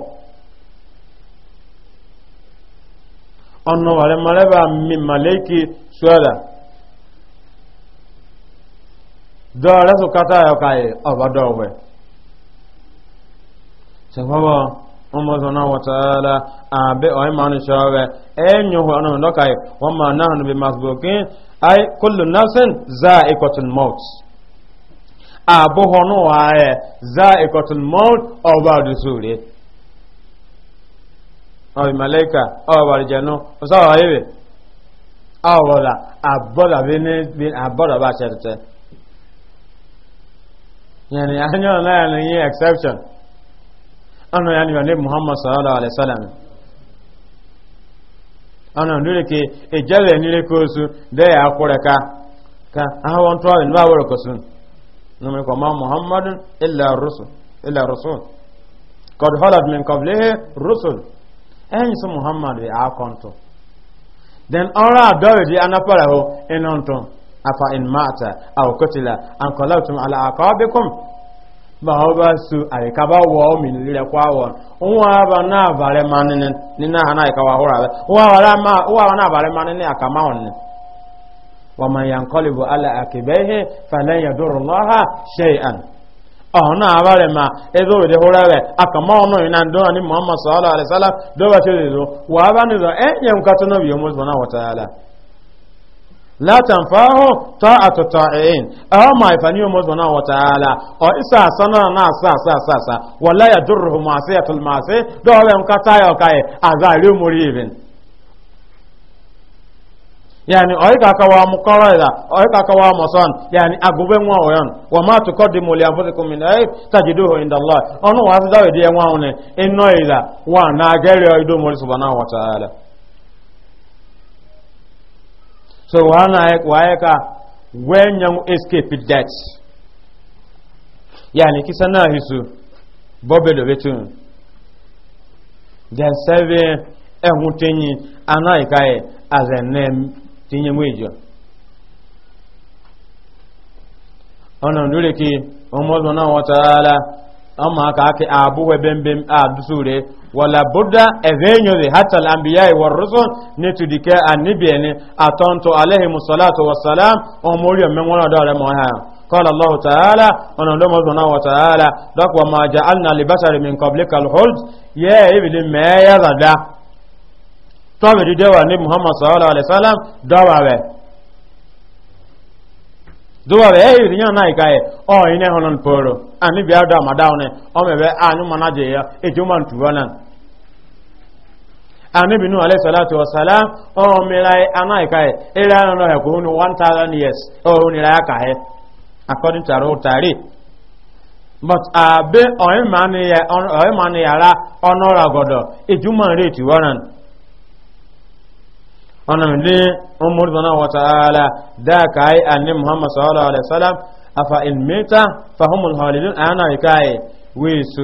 ọ̀nà wàrẹ̀ mọ́lẹ́bà mi màlẹ́kì ṣọ́dà dɔwɛrɛ so kata yɛ ka ye ɔba dɔw bɛ sɛfɔbɔ na wɔtaala a bɛ ɔyɛ maa ni sɔɔ bɛ ɛ nyɔhu ɔnɔ dɔ ka ye wɔn maa naa nu bi masubokin ayi kolo nasen zaa ikɔtun mɔt a bɔ hɔnu waa yɛ zaa ikɔtun mɔt ɔba dusuure ɔbi malayika ɔba ɔyɛ bi bi ne bi b'a cɛ tɛ. yani anyo na ya ni exception ano yani ni muhammad sallallahu alaihi wasallam ano ndure ke e jale ni le kosu de ya kure ka ka awon to ni ba woro kosu no me ko ma muhammadun illa rusul illa rusul qad halad min qablihi rusul en so muhammad ya akonto then ora do di anapara ho enonton afa in mata aw kutila an qalawtum ala aqabikum ba ho ba su ay ka ba wo min lire kwa won wa ba na bare manene ni na hana ka wa hora wa wa ma wa na bare manene aka ma on wa man yanqalibu ala akibaihi falan yadurru allah shay'an ọ̀nà àwárẹ̀ ma ẹzọ́ òde hóra rẹ̀ àkàmọ́ ọ̀nà ìná dọ́nà ní muhammad sallallahu alaihi wasallam dọ́wà tí ó lè lọ wà á bá nílò ẹ̀yẹ̀ ń kàtọ́nà yìí ó mọ́ la tanfahu ta'atu ta'in aw ma ifani mu subhanahu wa ta'ala o isa sana na sa sa sa sa wala yadurruhu ma'siyatul ma'si do we nka ta yo kai azali muri ibn yani o ka ka wa muqawala o ka ka wa musan yani agube nwa oyon wa ma tuqaddimu li anfusikum min ayy tajiduhu inda Allah onu wa da we di enwa one inno ila wa na gere o ido muri subhanahu wa ta'ala so wana waye ka ah, wenyan escape death yani kisa na hisu bobe do betun then seven ehun tinyi ana ikaye as a name tinye mwejo ona ndure ki ọmọ ọdún náà amma ka ake abu wa bembem a dusure wala buddha evenyo de hatta al anbiya wa rusul ne to dike annabi ne atonto alaihi musallatu wassalam o moriyo men wona do mo ha قال الله تعالى أنا لما سبحانه وتعالى دك وما جعلنا لبشر من قبلك الخلد يا ابن ما يزدا طب دي دوا محمد صلى الله عليه وسلم دوا zuwa be ehi rinya na ikaye o ine honon poro ani bi ada madaune o mebe anyu manaje ya ejuma ntuwana ani binu alayhi salatu wassalam o mirai ana ika ikaye ila no he kunu 1000 years o ni ra ka he according to our tari but abe o imani ya o imani ya ra onora godo ejuma re tiwanan ọ̀nà ní umar zana wata ala da ka yi annin muhammad sallallahu alaihi wasallam a fa'in mita fahimul halilin a yana kayi wisu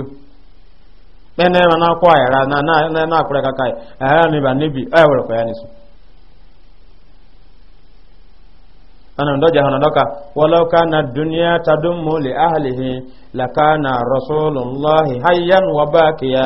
ɗana yana kwa yara na na kure ka kayi a yara ne ba nibi eh, a yawar kwaya ne su ana ndo jahana doka walau kana dunya tadummu li ahlihi lakana rasulullahi hayyan wa baqiya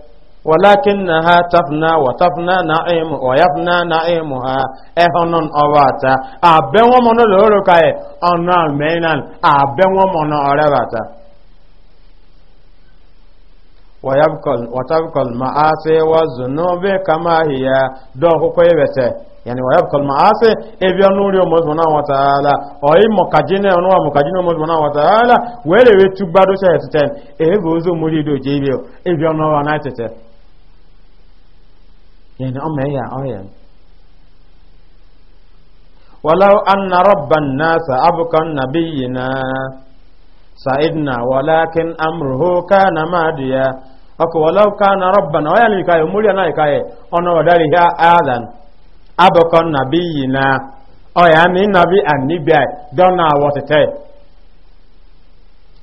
ولكنها تفنى وتفنى نعيم ويفنى نعيمها اواتا ابن ومن انا مينان ابن ومن ويبقى وتبقى المعاصي والذنوب كما هي na wa ta'ala o yi mokajine onu wa mokajine o mozo na wa ta'ala wele we yani ọmọ ẹ̀yà ọ̀yẹ̀ wàláwó anna rọ́bàn náà sàábùkan nàbí yìí náà sa'idna walakin amruhu kana madiya ọkọ̀ wàláwó kana rọ́bàn ọ̀yẹ̀ oh ní ìkáyẹ̀ múlíọ̀ náà ìkáyẹ̀ ọ̀nà ọ̀dárí ha adam abùkan nàbí oh yìí náà ọ̀yẹ̀ àmì nàbí àníbẹ̀ dọ́nà àwọ̀tẹ̀tẹ̀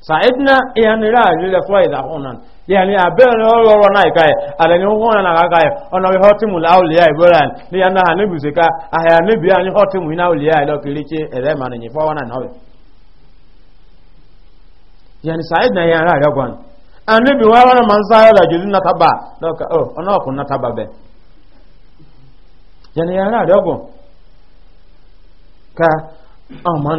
sa'idna yani la lile fwa idha yani abere abe oro na ikai ala ni hunan e na kakai ona bi hotimu la iboran ni yana hanibu zeka ahya ni bi ani hotimu ina awliya ilo kiriche ere ma ni fwa wana nawe yani sa'idna ya ra ga gwan wa wana ya na taba doka oh ona ko na taba be yani ya ga gwan ka oh,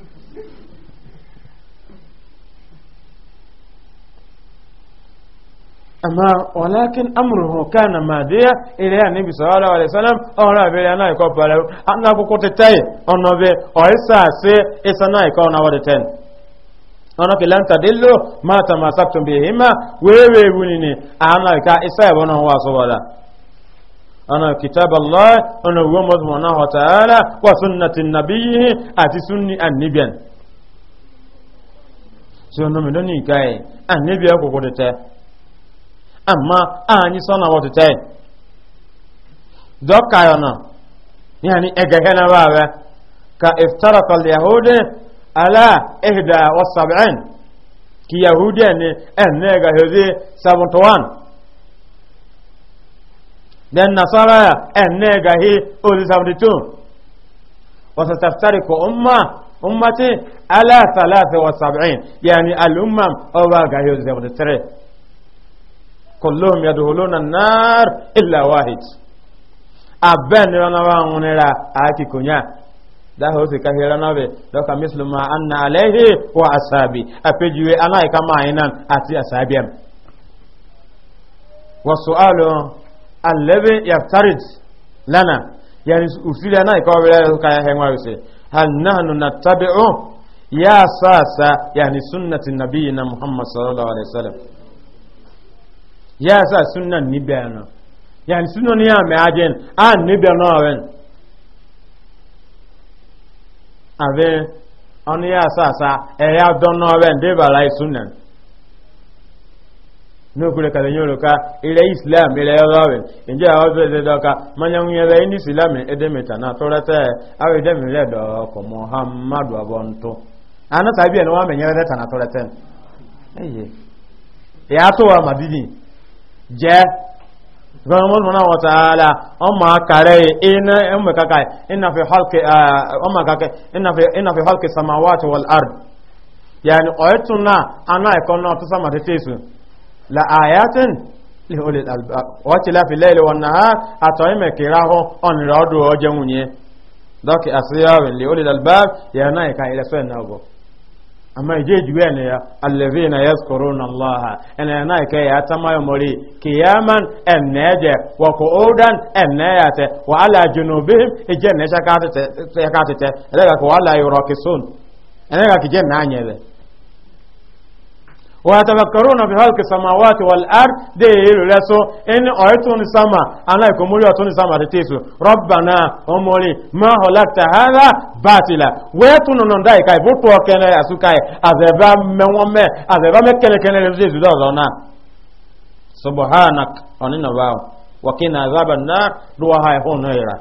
amma walakin amruhu kana madiya ila ya nabi sallallahu alaihi wasallam ora be na nai ko pare anna ko ko tetai ono be o isa se isa nai na wade ten ono ke lan tadillu ma tamasaktum bihima wewe bunini ana ka isa ya bono wa so wala ana kitab allah ana wa mazmana wa ta'ala wa sunnatin nabiyhi ati sunni annabiyan so no me doni kai tetai amma anyi sona watu tai doka yana yani egehena bawe ka iftaraka alyahudi ala ihda wa sab'in ki yahudi ne enne ga hezi 71 den nasara enne ga hi 72 wa sataftarika umma ummati ala 73 yani al umma o ga hezi 73 kulluhum yadkhuluna an-nar illa wahid aben rana wa ngunira aki kunya da ho se kahira na be do ka mislu ma anna alayhi wa ashabi apejiwe ana kama ainan ati ashabiam wa su'alu alladhi yaftarid lana yani usili ana ka wala ka henwa yose hal nahnu nattabi'u ya sasa yani sunnati nabiyina muhammad sallallahu alaihi wasallam ya sa sunan ni bɛn yani sunan ya ame ajin a ni bɛn nɔ wɛn a bɛ ya sa sa ɛ e ya dɔn nɔ wɛn de ba la sunan n'o kule kale nyɔlo ka ilẹ islam ilẹ yɔrɔ wɛ njɛ awɔ bɛ de dɔ ka manyamu yɛ bɛ ni silamɛ edeme ta na tɔrɔ tɛ awo edeme lɛ dɔ kɔ muhammadu abɔntu ana tabi yɛ e ni wa mɛ nyɛ bɛ ta na tɔrɔ tɛ ɛyɛ yàtò wa madidi. jẹ́ gbọ́nmọ́n mọ́nà wọ́n tààlà ọmọ akàrẹ iná ẹmọ̀kàkà iná fi halki ah", samawati wal ard yàni ọ̀ẹ́tún náà aná ẹ̀kọ́ náà tó sàmà títí su la ayatin wọ́n ti láfi lẹ́ẹ̀lẹ́ wọn náà àtọ̀ ẹ̀mẹ̀kìrá hàn ọ̀nìyàn ọdún ọjẹ́ wùnyẹn dọ́kì àṣíyàwìn lè olè dalbab yàna ìka ilẹ̀ sọ́ẹ̀ amma je juwe ne ya allazi na ya allaha ina yana ike ya ta mayo mori kiyaman en na wa ko odan en na ya te wa ala junubihim ije ne shaka te shaka te ko ala yuro kisun ga kije na anyele Oyataba korona bia a zikesamaa wati wali arde ihe luresu eni oyi tun sama anaghịkwa omuli oyi tun sama ati teesu roba na omuli ma hola tahaara batila wee tunono ndaayi ka ibupu okenye asu ka azụ ebe amewo mee azụ ebe ame kele kele ati ezizozo na. Soboha na oninụlọ ahụ wakiri na na ddụwaghai na ịra.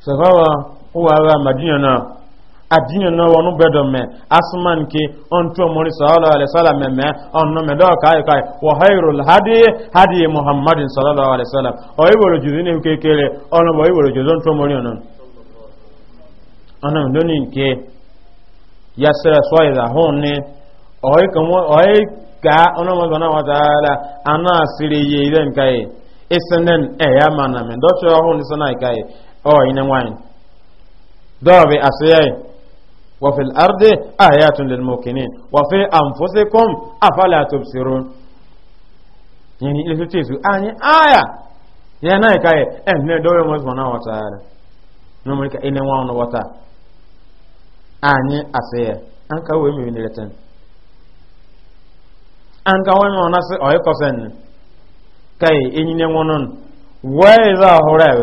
Sofawa adini na wonu bedo me asman ki on to mori sallallahu alaihi wasallam me on no me do kai kai wa khairul hadi hadi muhammadin sallallahu alaihi wasallam o iboro juzini ke kele on bo iboro juzon to mori ni ke yasra o o isenen e ya mana me do hon sanai kai وفي الأرض آيات للموقنين وفي أنفسكم أفلا تبصرون يعني إلى تيسو أني آية يا نايكا إن دوي مزمنا وتعالى نمرك إن وان وتا أني أسيه أنك وين من لتن أنك وين من ناس أي كسن كاي إني نمونن وإذا هرب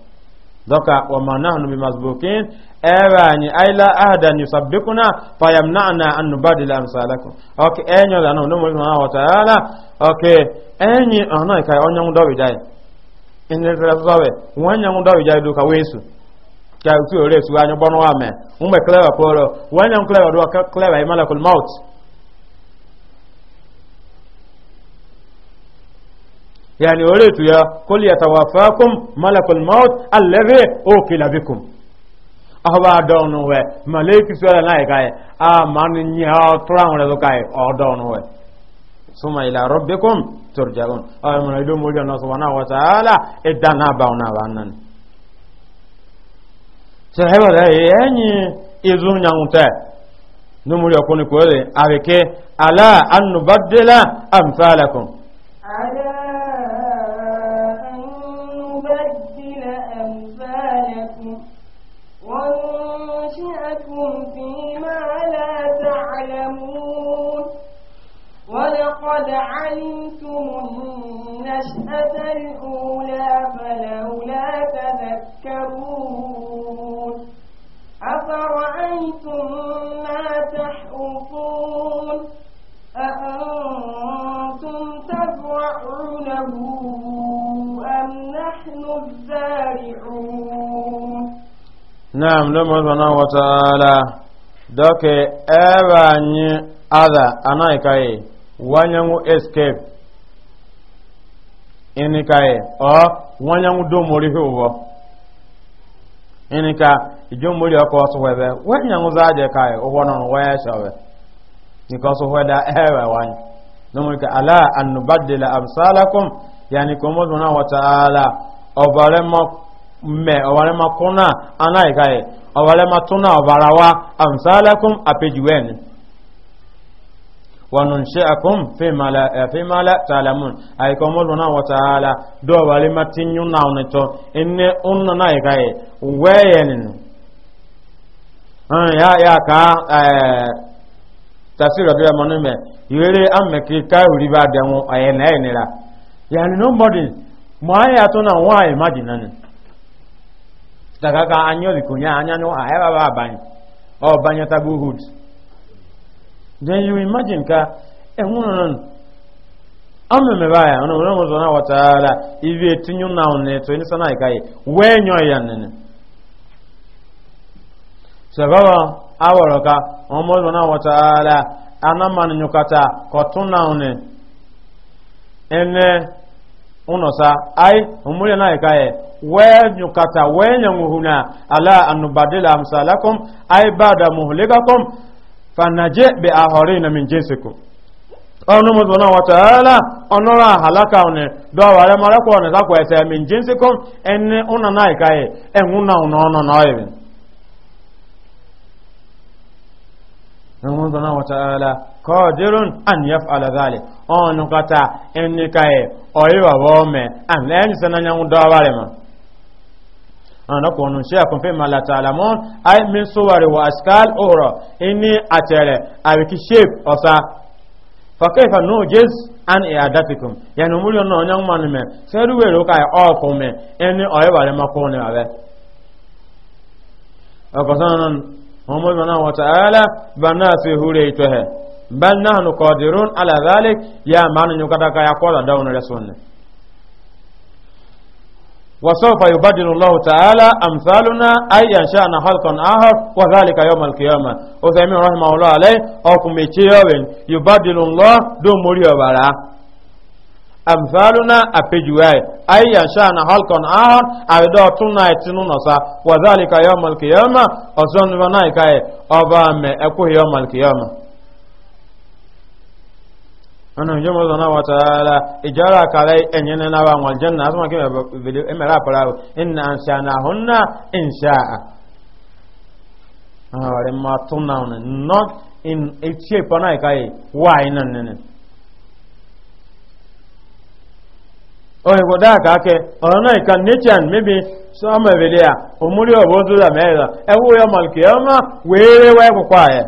doka wama nahnu bimasbukin ewanyi aila ahadan yusabbikuna fayamna'na an nubadila amsalakum ok enyo lanu no mulki subhanahu wa ta'ala ok enyi ona oh, kai onyan do bidai inne tra zawe wanyan do bidai do ka wesu ka ku ore su anyo bono ame umbe clever poro wanyan clever do ka imala malakul maut yani oretu ya kul yatawafakum malakul maut allazi ukila bikum ahwa donu we malaiki sura na kai a man nya turan re kai o donu we suma ila rabbikum turjaun ay man ido mo jana subhanahu wa ta'ala idana bauna banan se hewa da yenyi e izun e nyanguta numuri okoni kwere abeke ala an nubaddila amsalakum ala قد علمتم النشأة الأولى فلولا تذكرون أفرأيتم ما تحرثون أأنتم تزرعونه أم نحن الزارعون نعم لما سبحانه وتعالى دوك أبا أذا أنا كاي wanyanwu escape inika ye ọ wanyanwu domori hụwọ inika ijomori ọkọ ọsụwebe wanyanwu zaje ka ye ụgwọ nọ wee shọwe nika ọsụweda ewe wanye nomorika ala annubaddila amsalakum yani komo zuna wa ta'ala ọbare mọ mme ọbare mọ kuna anaika ye ọbare mọ tuna ọbara wa amsalakum apejuweni وننشئكم فيما لا فيما لا تعلمون اي كما الله وتعالى دو بالي ما تنيو ناونتو ان ان ناي كاي وين يا يا كا تفسير ربي منو مي يري ام كي كا وري با دمو اي ناي نيرا يعني nobody mo aya to na wa imagine nani daga ka anyo likunya anyanyo ayaba ba bani o banyata good then you imagine ka enwunan eh, ameme baya ono ono mo zona wataala ivi etinyu na oneto ni sana ikai wenyo yanene sababa aworoka omo zona wataala anaman nyukata kotuna one ene unosa ai umule na ikaye wenyukata wenyanguhuna ala anubadila amsalakum ai bada muhlikakum fanaje be ahori na min jinsiku ọnụ mụ zụna wataala ọnụrụ ahalaka ne dọwara mara kwa ọnụ zakwa ese min jinsiku enne ụna na ikaye enwu na ụna ọnụ na ọyịrị ọnụ zụna wataala kọdirun an yaf alazali ọnụ kata enne kaye ọyịwa wọme an lẹyìn sananyanwụ dọwara ma ana ko nun sha kun fe ma la ta'lamun ay min suwari wa askal uhra shape osa fa kayfa nujiz an i'adatikum yani mulyo no nyang man me seru we ro kai o ko me eni o e bare ma ko ne bana fi hure ito he bal nahnu qadirun ya man nyukata ka ya وسوف يبدل الله تعالى أمثالنا أي ينشأنا خلقا آخر وذلك يوم القيامة وثيمين رحمه الله عليه أو كميتيوين يبدل الله دون مريو برا أمثالنا أبجواي أي ينشأنا خلقا آخر أو دو تنا يتنونسا وذلك يوم القيامة أظن ونائكاي أبام أكو يوم القيامة ọ̀nà ìjọba ọ̀nà wàtàlá ìjọra kàrẹ ẹ̀yẹn náà wà wọn jẹ́ náà sọ́mọ́kí mẹ́rà pàrà ìnà àṣà náà hún náà ìṣà ààrẹ máa tún náà nì not in etí ìpọ́nà ìkáyè wà iná nínú òyìnbó dáa kàákẹ́ ọ̀rọ̀ náà ìka nature maybe sọ́mọ̀ ìbílẹ̀ à òmúrí ọ̀bọ̀ tó dà mẹ́rin ẹ̀wọ́ yọ mọ̀lùkì ọmọ wéèrè wẹ́ẹ̀kùkọ́ ààyẹ̀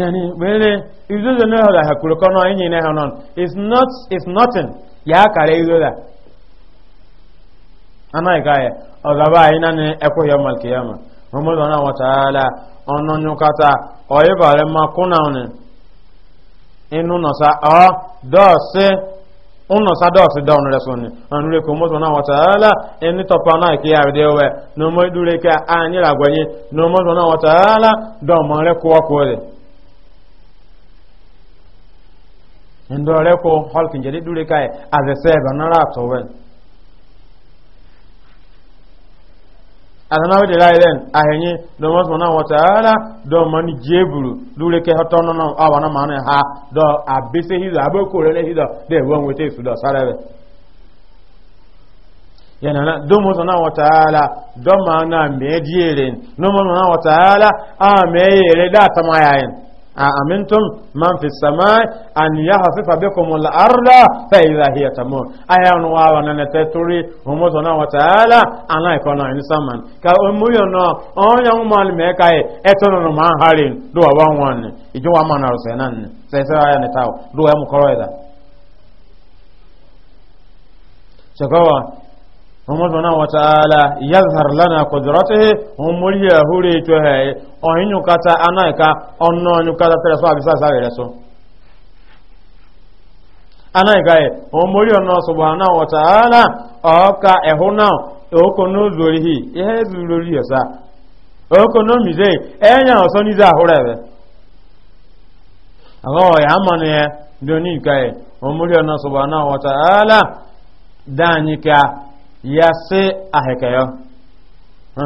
yani mere izuzo na hola hakuru kono enyi na honon is not is nothing ya kare izola ana igaye ogaba ina ne eko yo mal kiyama muhammad wana wa taala onno nyukata oye bare ma kuna one inu no sa o do se unno sa do se do no reso ni anu le ko muhammad wana wa taala eni to pa na ikiya de we no mo dure ka anyi ragwanyi no muhammad wana wa taala do mo re ko ko re ndore ko holkin jadi dure kai as a sebe na rato wen adana wede railen ahenye do mo na wata ala do mani jeburu dure ke hoto no no awa na mane ha do abese hizo aboko re ne hizo de won wete su do sarebe yana na do mo na wata ala do mana mediere no mo na wata ala a meyere da tamayayen أأمنتم من في السماء أن يهفف بكم الأرض فإذا هي تمور أيا نوا وننتتري هم سبحانه وتعالى أنا يكون إن سمن كأمو ينا أن يوم المكاي أتون ما هارين دو وان وان إجوا ما نرسنان سيسرا يا نتاو دو يا مكرويدا شكرا ọmọdé náà wọ́n tààlà yàzhar lánà kòdìrọ́tìhì òun mórí ẹ̀húrí ètò ẹ̀ ọ̀hìn anáìka ọ̀nà yùkátà sọ àbísà sáré rẹ̀ sọ anáìka ẹ̀ òun ọ̀nà ṣùgbọ́n náà wọ́n ọ̀ọ́ka ẹ̀hú náà òkò náà lórí hì ihe lórí ẹ̀sà náà mìíràn ọ̀sọ́ rẹ̀ yase ahekeyo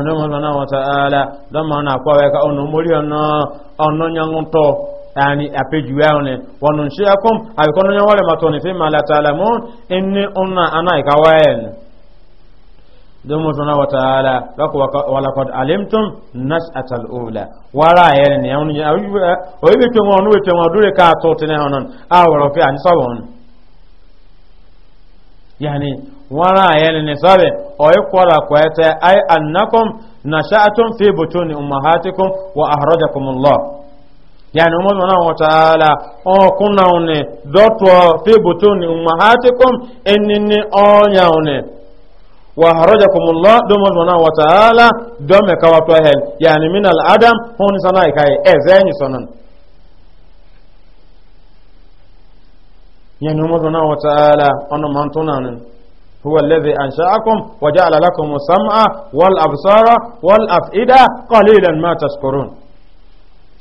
ndo mo na wa taala do mo na kwa weka ono mori ono ono nyangunto yani apeju yao ne wonu shiakum ayikono nyawale matoni fi mala taala mun inni unna ana ikawayen do mo na wa taala lako wala qad alimtum nas'atal ula wala yele ne yawni oyibe to ngonu we to ngodure ka to tene honon awro fi an sawon yani wara yene ne sabe o ikwara kwete ay annakum nasha'atum fi butuni ummahatikum wa ahrajakum Allah yani umu subhanahu wa ta'ala o kuna une dotwa fi butuni ummahatikum enini onya une wa ahrajakum Allah domo subhanahu wa ta'ala dome kawatwa hel yani min al adam honi sana ikai ezenyi sonan yani umu subhanahu wa ta'ala ono mantunanin هو الذي أنشأكم وجعل لكم السمع والأبصار والأفئدة قليلا ما تشكرون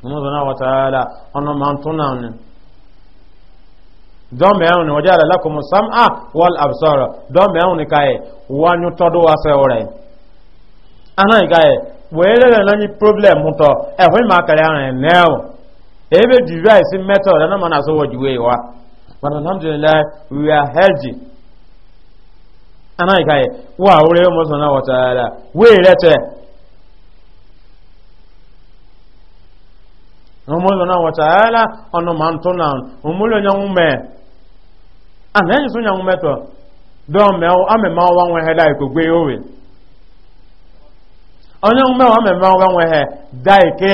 مزنا وتعالى أنا من تنان دم يعون وجعل لكم السمع والأبصار دم يعون كاي ونطدوا سوري أنا كاي wẹ́rẹ́ náà ní problem mutọ ẹ̀hún ìmàkàrẹ̀ àrùn ẹ̀nẹ́ọ̀ ebe jùlọ àìsí mẹ́tọ̀ lẹ́nà mọ́nà sọ́wọ́ jùwé wa but alhamdulilayi we are healthy anaghị ka wa wụrụ ụmụ sọ na wọtara wee rete ụmụ sọ na wọtara ọnụ ma ntụ na ụmụlụ onye nwume a na-enyi sọ onye nwume tọ dọọ amemme ọwa nwehe da iko gwe owe onye nwume ọwa amemme ọwa nwehe da ike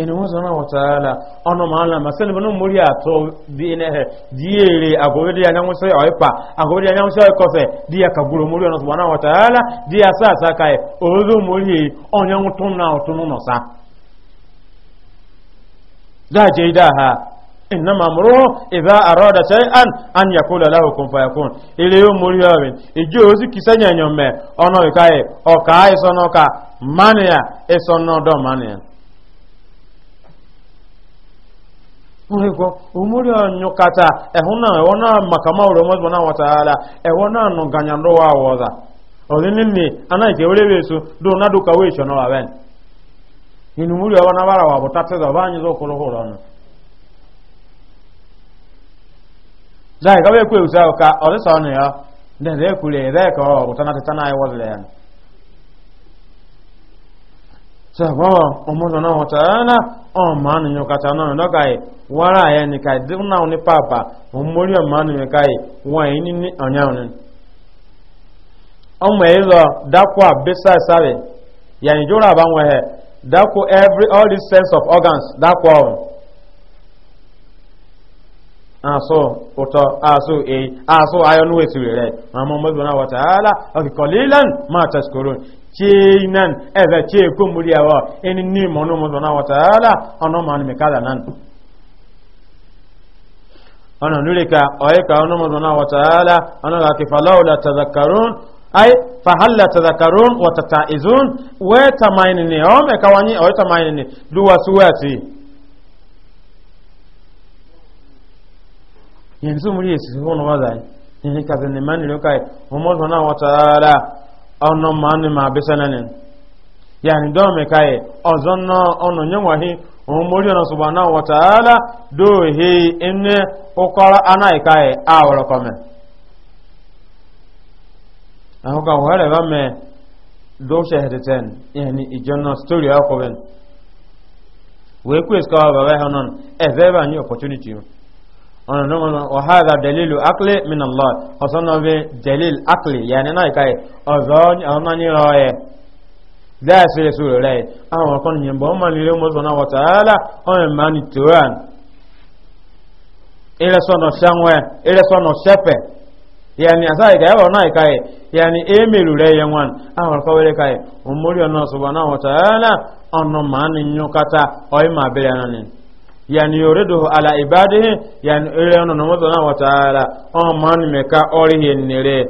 yani wọn sọ náà wọta la ọnà màá la màá sẹni bọnú mórí àtọ bíi ẹnẹ hẹ di èrè agogede anyanwó sẹ ọyẹ pa agogede anyanwó sẹ ọyẹ kọfẹ di ẹka gbòòrò mórí ọ̀nà sọ náà wọta la di asa ka yẹ òòlù mórí yẹ ọ̀nyanwó náà ọ̀tún nù sa. dáàjẹ́ idá ha إنما أمره إذا أراد شيئا أن يقول له كن فيكون إلي أمري أبن إجو أزي كسان ينمي أنا بكاي أو كاي سنوكا مانيا إسنو دو مانيا ko umuri nyukata ewona wona makama ro mo na wataala ewona no ganyando wa woza odini ni ana ikewele besu do na do kawe chono wa ben ni umuri wa na bara wa botate za banyi zo kolo horo no zai ga be ku usa ka ore so no ya den re ku le re ko botana tana ai wozle ya sọ̀rọ̀ ọmọdọ̀nà wọ̀tàránà ọmọnìyàn kàtà náà lọ́kàí wọ́rà ẹ̀ nìkà ìdíkùnà ní pàpà òmórí ọmọnìyàn káì wọ́n èyí ní ọ̀nyáwọn ọmọ èyí lọ dákọ̀ àbísà ìsàrẹ̀ yẹ̀yìn jọ́rọ̀ àbáwọn ẹ̀ dákọ̀ every all these sense of organs ọ̀run aso uto aso e aso ayon we sire re amma mazuna wa ta'ala aki qalilan ma tashkurun chinan eve che ko muriawa eni ni mono mazuna wa ta'ala ono man me kala nan ono nulika oyeka ono mazuna wa ta'ala ay fahalla tadhakkarun wa tata'izun wa tamainni o me kawani o tamainni duwa suwati yanzu muri yesu hono wazai ni kaza ne mani lokai e. umar hona wataala ono mani ma besananin yani don me kai ozonno ono nyonwahi umuri ono subhanahu wataala do he enne okora anai kai aworo kome ahoka bame story ka baba ni opportunity ọ̀nà náà wọn ọ̀háàdà dalilu akli min Allah dalil akli yàní na ìkáyẹ ọ̀zọ́ ọ̀nà ní ọ̀yẹ dáàsílẹ̀ sórí rẹ̀ àwọn ọkọ̀ nìyẹn bọ́ ọmọ na mọ́sán náà wọ̀tàálà ọ̀rìn máa ní turan ìrẹsọ̀nà sẹ́wọ̀n ìrẹsọ̀nà sẹ́fẹ̀ yàní àṣà ìkáyẹ wọ̀ yani yuriduhu ala ibadihi yani ile ono nomozo na wataala o man meka ori henere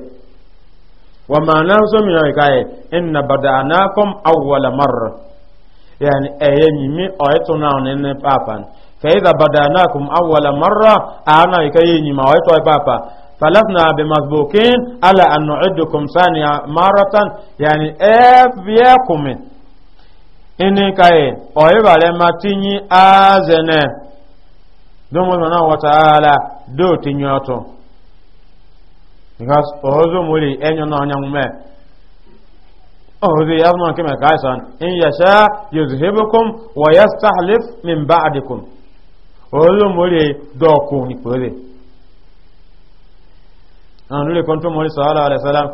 wa ma'ana so mi na kai inna bada'nakum awwala marra yani ayemi mi oyeto na onene papan fa idha bada'nakum awwala marra ana kai ni ma oyeto papa فلسنا بمسبوقين ala أن نعدكم ثانية مرة يعني إيه بيكم ini kaye oyibare ma tinyi azene don wani na wataala do tinyi otu because ozo muri enyo na onye mume ozo ya zama nke mai kaisan in ya sha yuzhibukum wa yastahlif min ba'dikum ozo muri do ku ni pere an lule kwanto muri sallallahu alaihi wasallam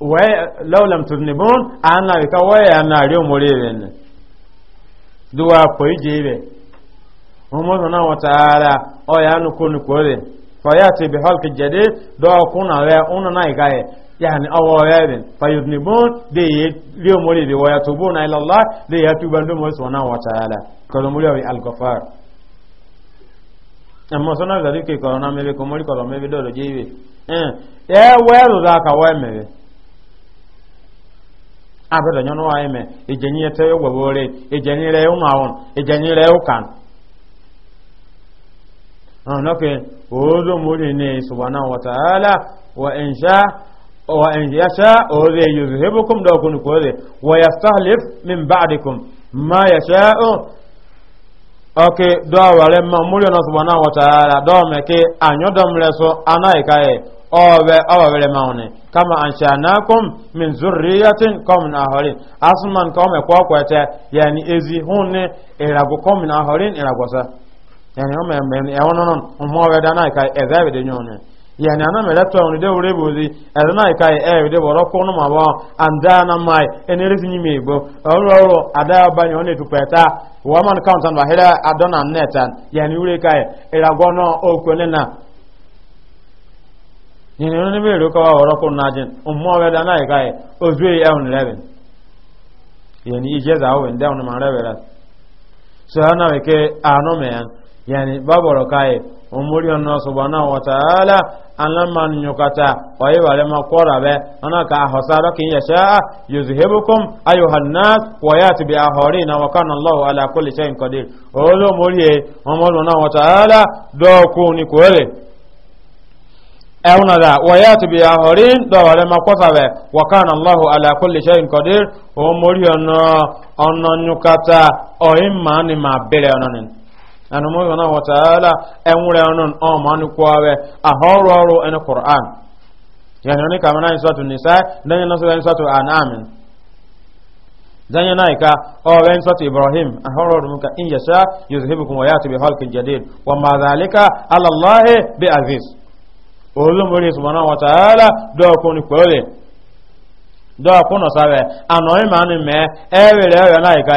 laulam turnibun an na ka waya na riyo morebe ne duwa koyi jebe umaru na wataala o ya nuku nukore fayati bi halki jade do kuna we una na igaye yani awo rebe fayudnibun de ye riyo morebe wa yatubuna ila allah de yatuban do mo sona wataala kalo muri al-ghafar amma sona da dike korona mebe ko mori kolo mebe do do jebe eh e wero da ka wa mebe abẹ́rẹ̀ e nyɔnu e e wa yẹn mɛ ìdzenyi yẹn tẹ́ yẹ wọ̀wọ́ rẹ ìdzenyi rẹ yẹ ŋmàwọn ìdzenyi rẹ yẹ kàn. ọ̀nọ́kẹ́ òòzó múlì ní subahana wàtàlá wà ẹ̀ǹṣá wà ẹ̀ǹṣá òòzè yorùbá hebukun dọ̀kun kò rẹ̀ wà yà sáhlif min bàdìkun má yà sáà oke dɔwɛrɛ ma muri na subana wataala dɔw mɛ ke a ɲɔ dɔmrɛ so ana yi ka ye ɔbɛ awa wɛrɛ maw ne kama anshanakum min zurriyatin qawmin ahorin asman qawme ko ko yani ezi hunne erago qawmin ahorin erago sa yani o mɛ mɛ e wonon mo wɛ dana ka ezabe de nyone yani ana mele to on de wore bozi ele na kai e de woro ko no mawa anda na mai enere sinyi mi igbo oro oro ada abanye on etu peta woman count and bahira adona netan yani no na woro ko na jin da na e on yani da on ma rebera so ana we ke yani subhanahu wa ta'ala anaman nyukata waye wale makora be anaka ahosara kin yasha yuzhibukum ayuhan nas wa yati bi ahorina wa kana Allahu ala kulli shay'in qadir olo moriye omolo na wa taala do ku ni kwere ẹ̀húnà dà wọ̀yàtì bí àhọ̀rí dọ̀wọ̀rẹ́ makọ́sàbẹ̀ wọ̀kánà lọ́hù alákólè ṣe nkọ̀dé òun mórí ọ̀nà ọ̀nà nyukata ọ̀yìn máa ni máa bẹ̀rẹ̀ ọ̀nà nìyí anumo yana wa ta'ala enwure onun o manu kwawe a horo horo en qur'an yani ne kamana isatu nisa dan yana sura isatu an'am dan yana ka o wen isatu ibrahim a horo muka in yasha yuzhibukum wa yati bi halqin jadid wa ma zalika ala allah bi aziz olumuri subhanahu wa ta'ala do ko ni kwole do ko no sabe anoyi me e were yana ka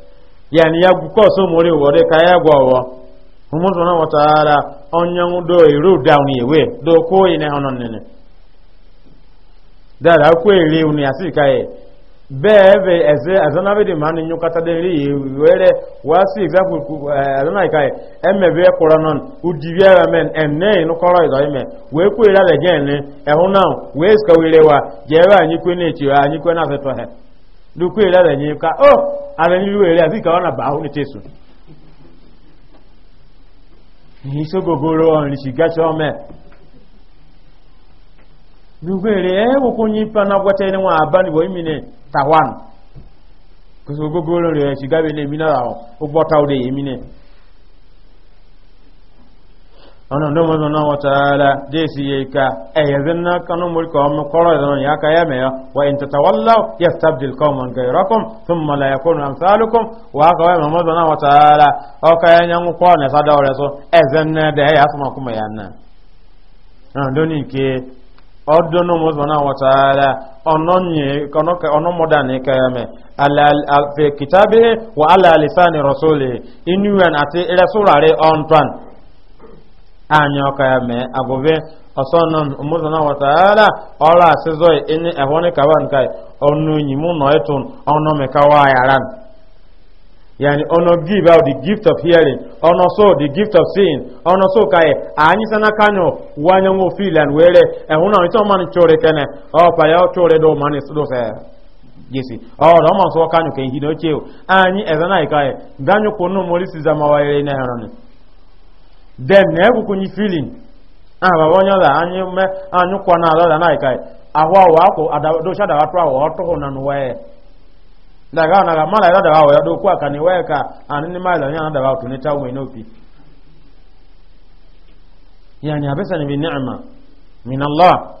yani ya gukoso muri wore ka ya gwawo umuntu na wataala onyangu do iru down yewe do ko ine onon nene dara ko ele uni asika ye bebe eze azana be de mani nyuka ta de ri were wasi example ku eh, azana kai emme be ko ranon udibia ya men enne no koro ido ime we ku ira le gen ni ehun now we ska were wa je ba anyi ku ni chi anyi ku na feto he lukwe la lenye ka oh abeni luwele azika wana bahu ni tesu niso gogoro on lishiga chome luwele e eh, wo kunyi pana gwate ni wa abani bo imine tawana kuso gogoro le shiga bele mina o gbota ude imine ọ̀nà ọ̀dọ́mọdún náà wọ́n tààrà déèsì yẹ ika ẹ̀yẹ̀zẹ̀ náà kanú mọ́ríkà ọmọ kọ́rọ̀ ìdáná yà ká yà mẹ́yọ wà ìntàtàwọ́lá yà sábdìl kọ́mọ̀ gẹ̀rọ́kùn tún mọ̀lá ẹ̀kọ́nù àmsálùkùn wà á kọ́wẹ́ mọ́mọ́dún náà wọ́n tààrà ọkà ẹ̀yẹ ń kọ́ ọ̀nà sádà ọ̀rẹ́ sọ ẹ̀zẹ̀ náà dẹ̀ ẹ̀yà sọmọ kúmọ̀ yà náà ọ̀dọ́ni ike ọdún mọ́sùn náà wọ́n tààrà ọ̀nọ́mọ̀dá ní kẹrẹmẹ̀ alàfẹ́ kìtàbí wà alàlìsáni rọ̀sọ́lẹ̀ inú ẹ̀ àti rẹ̀sọ́rẹ̀ ọ̀ntàn anya ọka ya mee agụbe ọsọ nọ ụmụzọ na wataala ọrụ asịzọ ịnị ehwọnị kawa nka ọnụ enyi mụ nọ ịtụ ọnụ mekawa ayara yani ọnọ give out the gift of hearing ọnọ so the gift of seeing ọnọ so ka ị anyị sana kanyo wanye nwa ofilan were ehun na ịtọ mmanụ chore kene ọpa ya chore do mmanụ dose jesi ọrọ ọmọ nsọ kanyo ka ihi na ochie anyị ka ezana ikaye ganyụkwụ nnụ mori sizama wayere na ẹrọ ni then na ekwukwu nyi filin aha baba onye ọla anyị me anyị kwa na ala na ikai ahụ awụ akwụ docha daga tụ awụ ọtụhụ na nụwa ya daga na ga mala ila daga awụ ah, ya dokwu aka na iwe ka anyị ni maịla onye na daga awụ tunita uwe n'opi yani abesa ni bi ni'ma min allah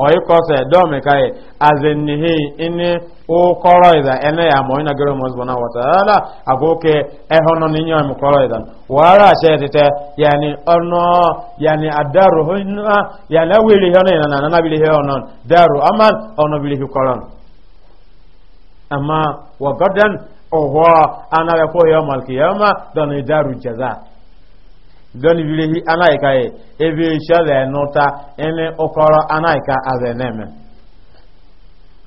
Oyi kose oyikose domekaye azenihi ini ukoro idan ene ya mo ina gero mosbo na wataala agoke ehono ninyo mu koro idan wara shetete yani ono yani adaru hunna yani awili hono ina na na bili hono daru aman ono bili koron amma wa gadan owa ana ya ko yawmal qiyama dan daru jazaa dɔnni bile hi anaika ye ebe sɛ lɛ nuta ɛni ɔkɔrɔ anaika azɛ nɛmɛ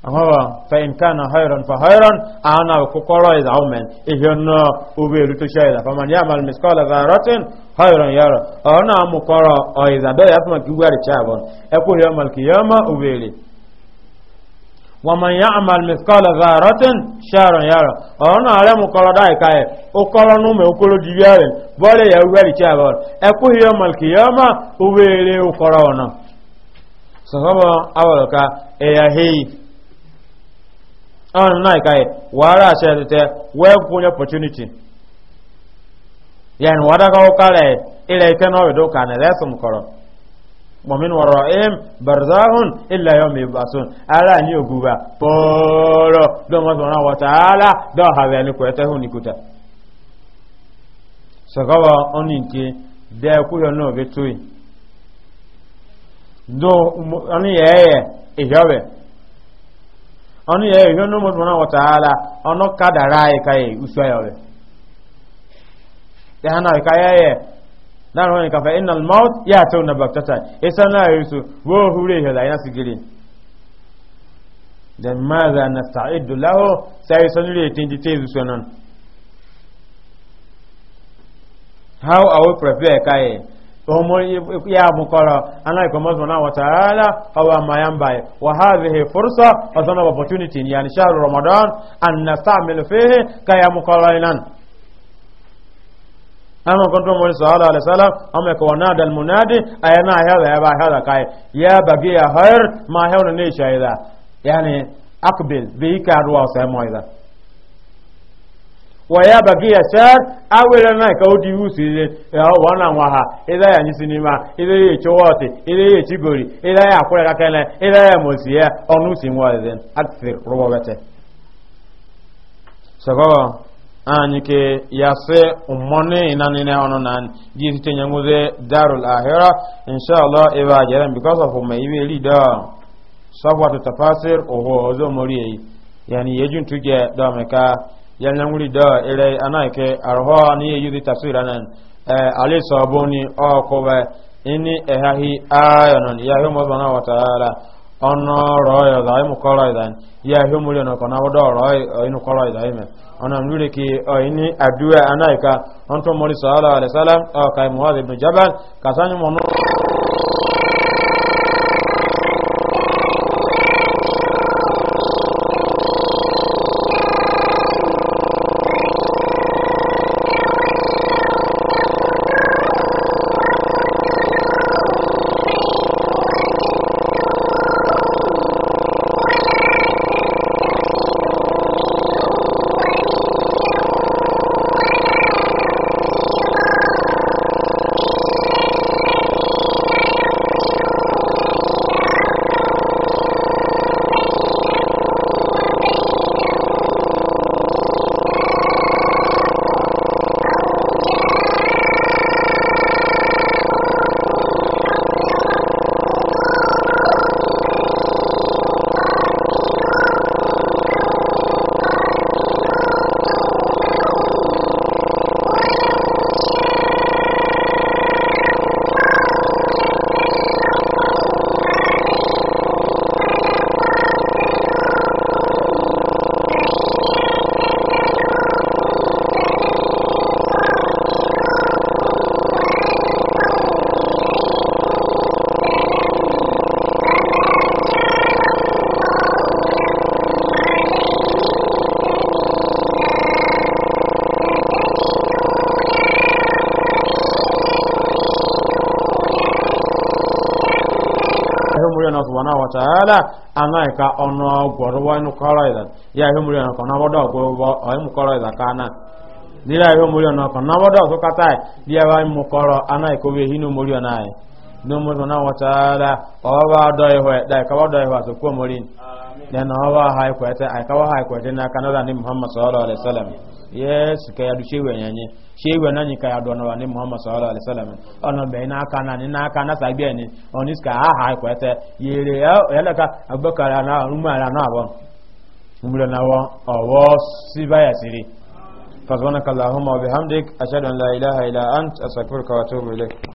ahɔwɔ fɛn na hɔyɔrɔn fɔ hɔyɔrɔn ana kɔkɔrɔ yi zaa mɛn ehe nɔ obe eluto sɛ yi zaa fama ni amali misikɔ la zaa rɔtin hɔyɔrɔn yɔrɔ ɔna mu kɔrɔ ɔyi zaa fama k'i wari a bɔ ɛkò yɛ maliki yɛ ma obe ele. ومن يعمل مثقال ذرة شر يرى ọ̀nà ààrẹ mu kọ́lọ́ dá ìka ẹ̀ ó kọ́lọ́ nú mẹ́ okòrò jù yá rẹ̀ bọ́ọ̀lẹ̀ yà wíwẹ́rì tí a bọ̀ ẹkú yọ mọ̀lìkì yọ má wéèrè okòrò ọ̀nà. sọ̀fọ́bọ̀ awọ̀lọ́ka ẹ̀yà hẹ́yì ọ̀nà náà ìka ẹ̀ wàhálà àṣẹ tẹ̀tẹ̀ wẹ́ẹ̀kún mọ̀mí wọ̀rọ̀ ẹ̀m barzahun ilẹ̀ yọ mi basun ara ní ògùnbà pọ̀ọ̀rọ̀ lọ́mọ́sọ̀rọ̀ wọ̀tàálà dọ́ọ̀hàwẹ̀ ní kòẹ́tẹ́hùn ní kòtà sọ̀kọ́wọ́ ọ́nì nke dẹ́ẹ̀kúyọ̀ náà bẹ́ tóyì ọ́nì yẹ̀ẹ́yẹ̀ ìhẹ́wẹ̀ ọ́nì yẹ̀ẹ́ ìhẹ́ lọ́mọ́sọ̀rọ̀ wọ̀tàálà ọ́nà kádàrá ẹ̀ka ẹ̀ náà wọn kàfẹ́ iná mọ́t yà tó na bàtàtà isa náà yìí so wọ́n húrẹ́ ìhẹ̀lá iná sì gírí dan maza na sa'idu laho sai sun rí ètí ti tèzu sunan how are we prepare kai ọmọ ya bukọrọ ana ikomọsọ na wataala ọwa mayamba wa hadhihi fursa wa sana opportunity ni yani shahru ramadan an nastamil fihi kaya mukọrọ inan أنا كنت مولى صلى الله عليه وسلم أما كونا دل منادي أنا هذا يا هذا كاي يا بقي هير ما هون نيش هذا يعني أقبل بيك أروى سهم هذا ويا بقي شر أول ما كودي وسيل وانا وها إذا يعني سينما إذا يشواتي إذا يشيبوري إذا يأكل كأنه إذا يمسيه أنو سيموا ذن أكثر ربوبته سبعة anyị ke yase umone na nina ọnụ na jisi tinye nwuze darul ahira inshallah ebe a jere because of me ibe lida sọfwa to tafasir oho ozo mori eyi yani yejun tuje da meka yanya nwuri da ire anaike arho ni yeyu di tafsir anan eh ale so boni ini ehahi ayonon yahu mabana wa ta'ala ọnụ rọọ ọzọ anyị mụkọrọ ịda ya ihe omuli ọnụ kọ n'awụdọ rọọ ịnụ kọrọ ịda ime ọnụ mmiri ki ọyịnị adua anaghịka ọntụ mmiri sọọla alaisalam ibn jabal kasanyị mọnụ wa ta'ala ana ka ono gorwa nu koroida ya he muri ko na bodo ko bo o mu koroida kana nira he muri no ko na bodo so katai dia wa mu koro ana ko we hinu muri na ai no mu na wa ta'ala o ba do e ho da ka ba ha ko ta ai ha ko ta na kana da muhammad sallallahu alaihi wasallam yes ka ya duche we nyanye shewa na nyika ya dɔnɔ wa ni muhammad sallallahu alaihi wasallam ɔnɔ bɛn n'a kan na ni n'a kan na sa gbɛɛ ni ɔni sika a ah, ha kɔɛtɛ yere yɛlɛ ka abubakar ana umar ana awɔ umar ana awɔ ɔwɔ siba yasiri fasubhanaka allahumma wa bihamdik ashhadu an la ilaha illa ant astaghfiruka wa atubu ilayk